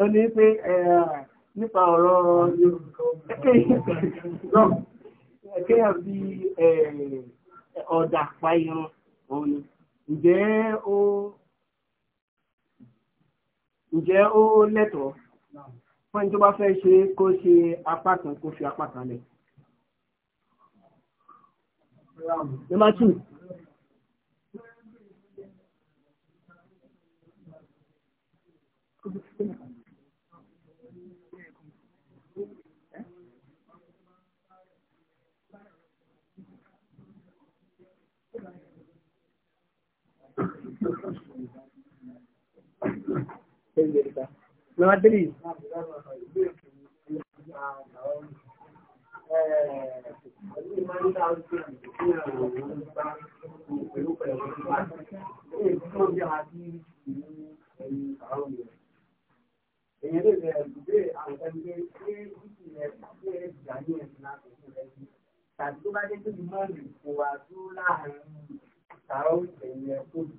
o ní pé nípa ọ̀rọ̀ kéèyàn bí ọ̀dà pa irun òun ni. Ǹjẹ́ o ǹjẹ́ ó lẹ́tọ̀ọ́? fún ẹni tó bá fẹ́ ṣe kó ṣe apá kan kó fi apá kan lẹ̀. Number èyí tàbí tó bá dé tó di mọ́ọ̀lù kò wá tó láàárín ìtàrọ̀ ìtẹ̀yẹ kóbi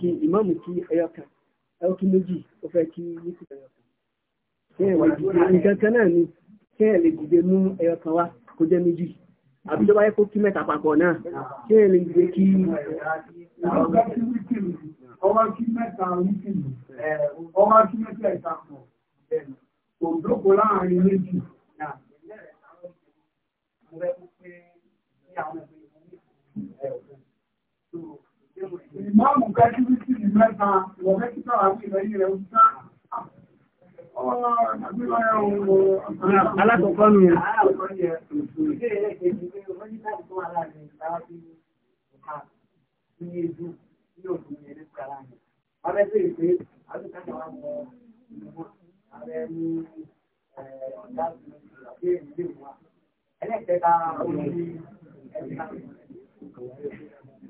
kí ìmáàmù kí ẹyọ kan ẹyọ kí méjì ó fẹ́ kí yíṣù ẹyọ kan kí ẹ̀ ni kí ẹ̀ lè dìde mú ẹyọ kan wá kó jẹ́ méjì àbí tó bá yẹ kó kí mẹ́ta papọ̀ náà kí ẹ̀ lè dìde kí. ọba kí mẹ́ta wíkìlì ọba kí mẹ́ta ìtàkùn kò dóko láàrin ìmáàmù gájúwí sí ní mẹ́ta ìwọ̀fẹ́ àti ìrẹ́yìn rẹ̀ ń sá Alákọ̀ọ́kọ́ ni ẹ̀. Ẹlẹ́kẹ̀ẹ́ta orí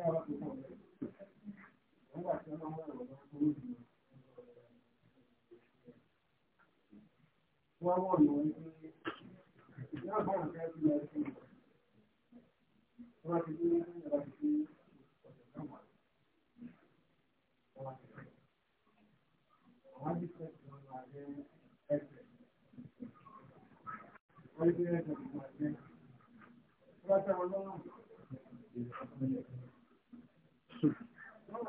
wọ́n wọ́n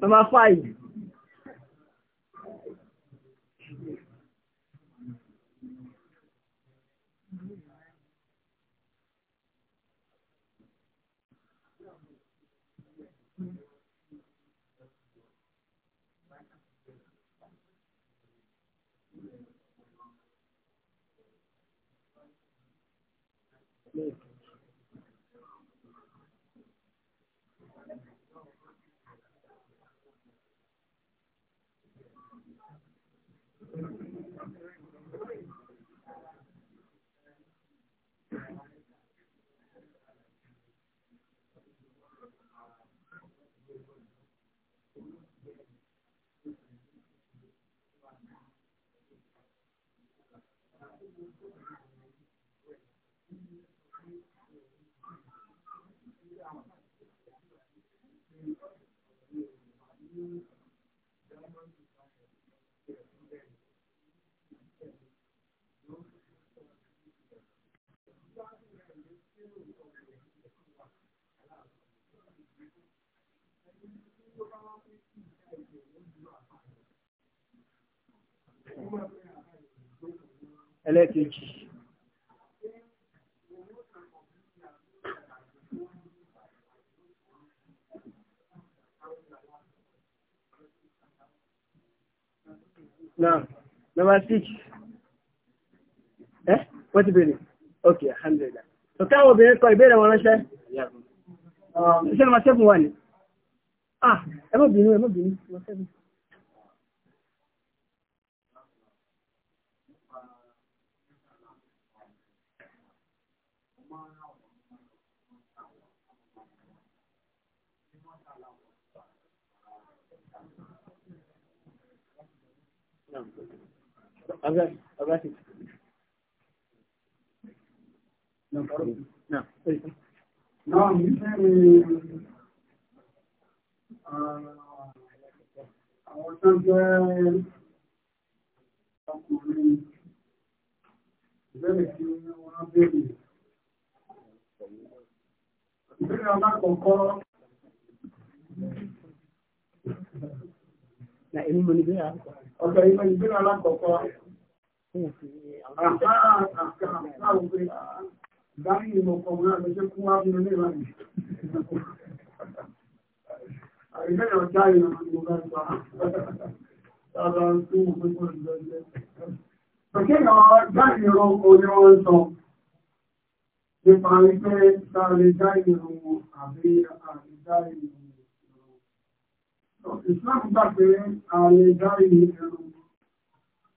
Number five. Thank ẹlẹ́kejì náà number six Eh? ẹ́ wọ́n ti bèèrè ok alhamdulillah tó káwọn obìnrin kọ ìbéèrè wọn ránṣẹ́ um, iṣẹ́ ni wọ́n ṣẹ́fún wa ni ah ẹ má bínú ẹ má bínú wọ́n ṣẹ́fún أبدا أبدا نعم نعم نعم àwọn tó jẹ́ ọkùnrin ìbẹ̀rẹ̀ tí wọ́n bẹ̀rẹ̀ ìbẹ̀rẹ̀ alákọ̀ọ́kọ́ na èmi mọ̀ ní bẹ̀rẹ̀ alákọ̀ọ́kọ́ Dáyé mo kọ̀ náà lọ sí kún wá fún ilé ìlànà. Àìsẹ́ ọjá ìrìnà ni mo bá ń pa. Tàbí àwọn tó mú pé kọ́ ìjọ jẹ́. Òkè náà já ìrìnà orí wọn sọ. Nípa wípé sáré já ìrìnà wọn àbí àrídá ìrìnà. Ìsìláàmù gbà pé àrídá ìrìnà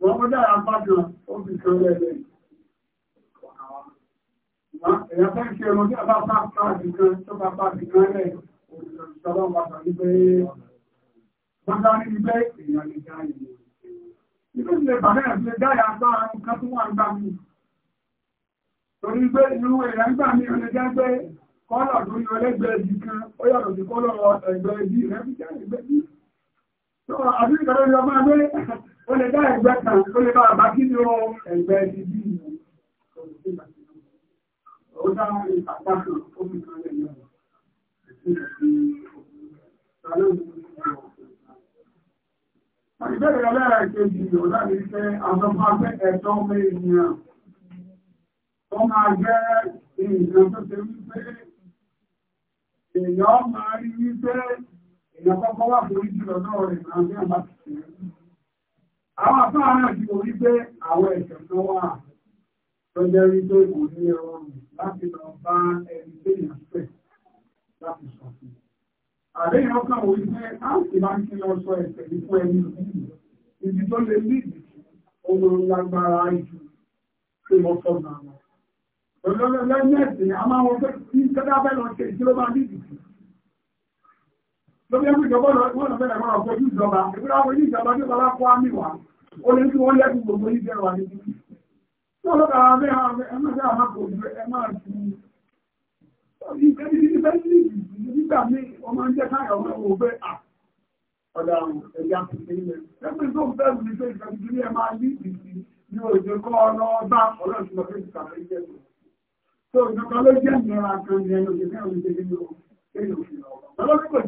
wọ́n mọ́ dára bákan ó fi kan lẹ́lẹ́ Èyàn fẹ́ ṣe ẹran tí a bá bá pàdì kan tó bá pàdì kan lẹ̀ òṣìṣọ́lọ́ pàtàkì ní pé wọ́n dá ní ilé èèyàn lè dá ìlú. Ibi ìlè bàbá ẹ̀ lè dá ìyàgbá nǹkan tó wà ń gbà mí. Torí pé ìlú èèyàn gbà mí ò lè jẹ́ pé kọ́lọ̀ tó yọ lẹ́gbẹ̀ẹ́ yìí kan ó yàtọ̀ sí kọ́lọ̀ ẹgbẹ́ yìí rẹ̀ fi jẹ́ ẹgbẹ́ yìí. Àbí ìkàrẹ́ ó lè dá ẹgbẹ́ kan ó lè bá bá kí ní ohun ẹgbẹ́ ti bí ó dá ìpàtà kan ó fi kan lè yọ Ìbẹ̀rẹ̀ lẹ́ra ìkejì ọ̀dá ní pé àwọn ọmọ agbẹ́ máa rí wípé èèyàn wà fún ìjìlọ rẹ̀ máa ní àbáṣẹ́. Àwọn àfáà náà ti wò wípé àwọn ẹ̀sẹ̀ tó wà lọ́jọ́ rí pé kò ní ẹran láti lọ bá ẹni téèyàn fẹ́ láti sọ fún. Àbẹ́ ìran kan wò wípé a sì máa ń kí lọ sọ ẹ̀sẹ̀ ní fún ẹni yìí. Ibi tó lè ní ìdìtì owó lágbára jù pé mo sọ náà lọ. Lọ́lọ́lọ́ lẹ́yìn ẹ̀sìn, a máa wọ pé kí Kẹ́dá bẹ́ẹ̀ lọ ṣe ìdílé máa ní ìdìtì lóbi ẹgbẹ́ ìjọba wọn lọ fẹ́rẹ̀ máa gbójú ìjọba ìgbéra wọn ní ìjọba ní ọlá kọ́ àmì wa ó lè fi wọ́n lẹ́kùn gbogbo ní bẹ̀rẹ̀ wà ní ibi tí wọ́n lọ́kà abẹ́ ẹgbẹ́ àwọn kò ju ẹ máa fi ìkẹ́ni ní bẹ́ẹ̀ ní nígbà mí ọmọ ń jẹ́ káyọ̀ ọmọ wò pé à ọ̀dà ẹ̀yà ìpínlẹ̀ ẹgbẹ́ tó ń bẹ̀rù ní pé ìkàtúntì ní ẹ máa ní ìdìsí ní òjò kọ́ ọlọ́ọ̀bá ọlọ́ọ̀tún lọ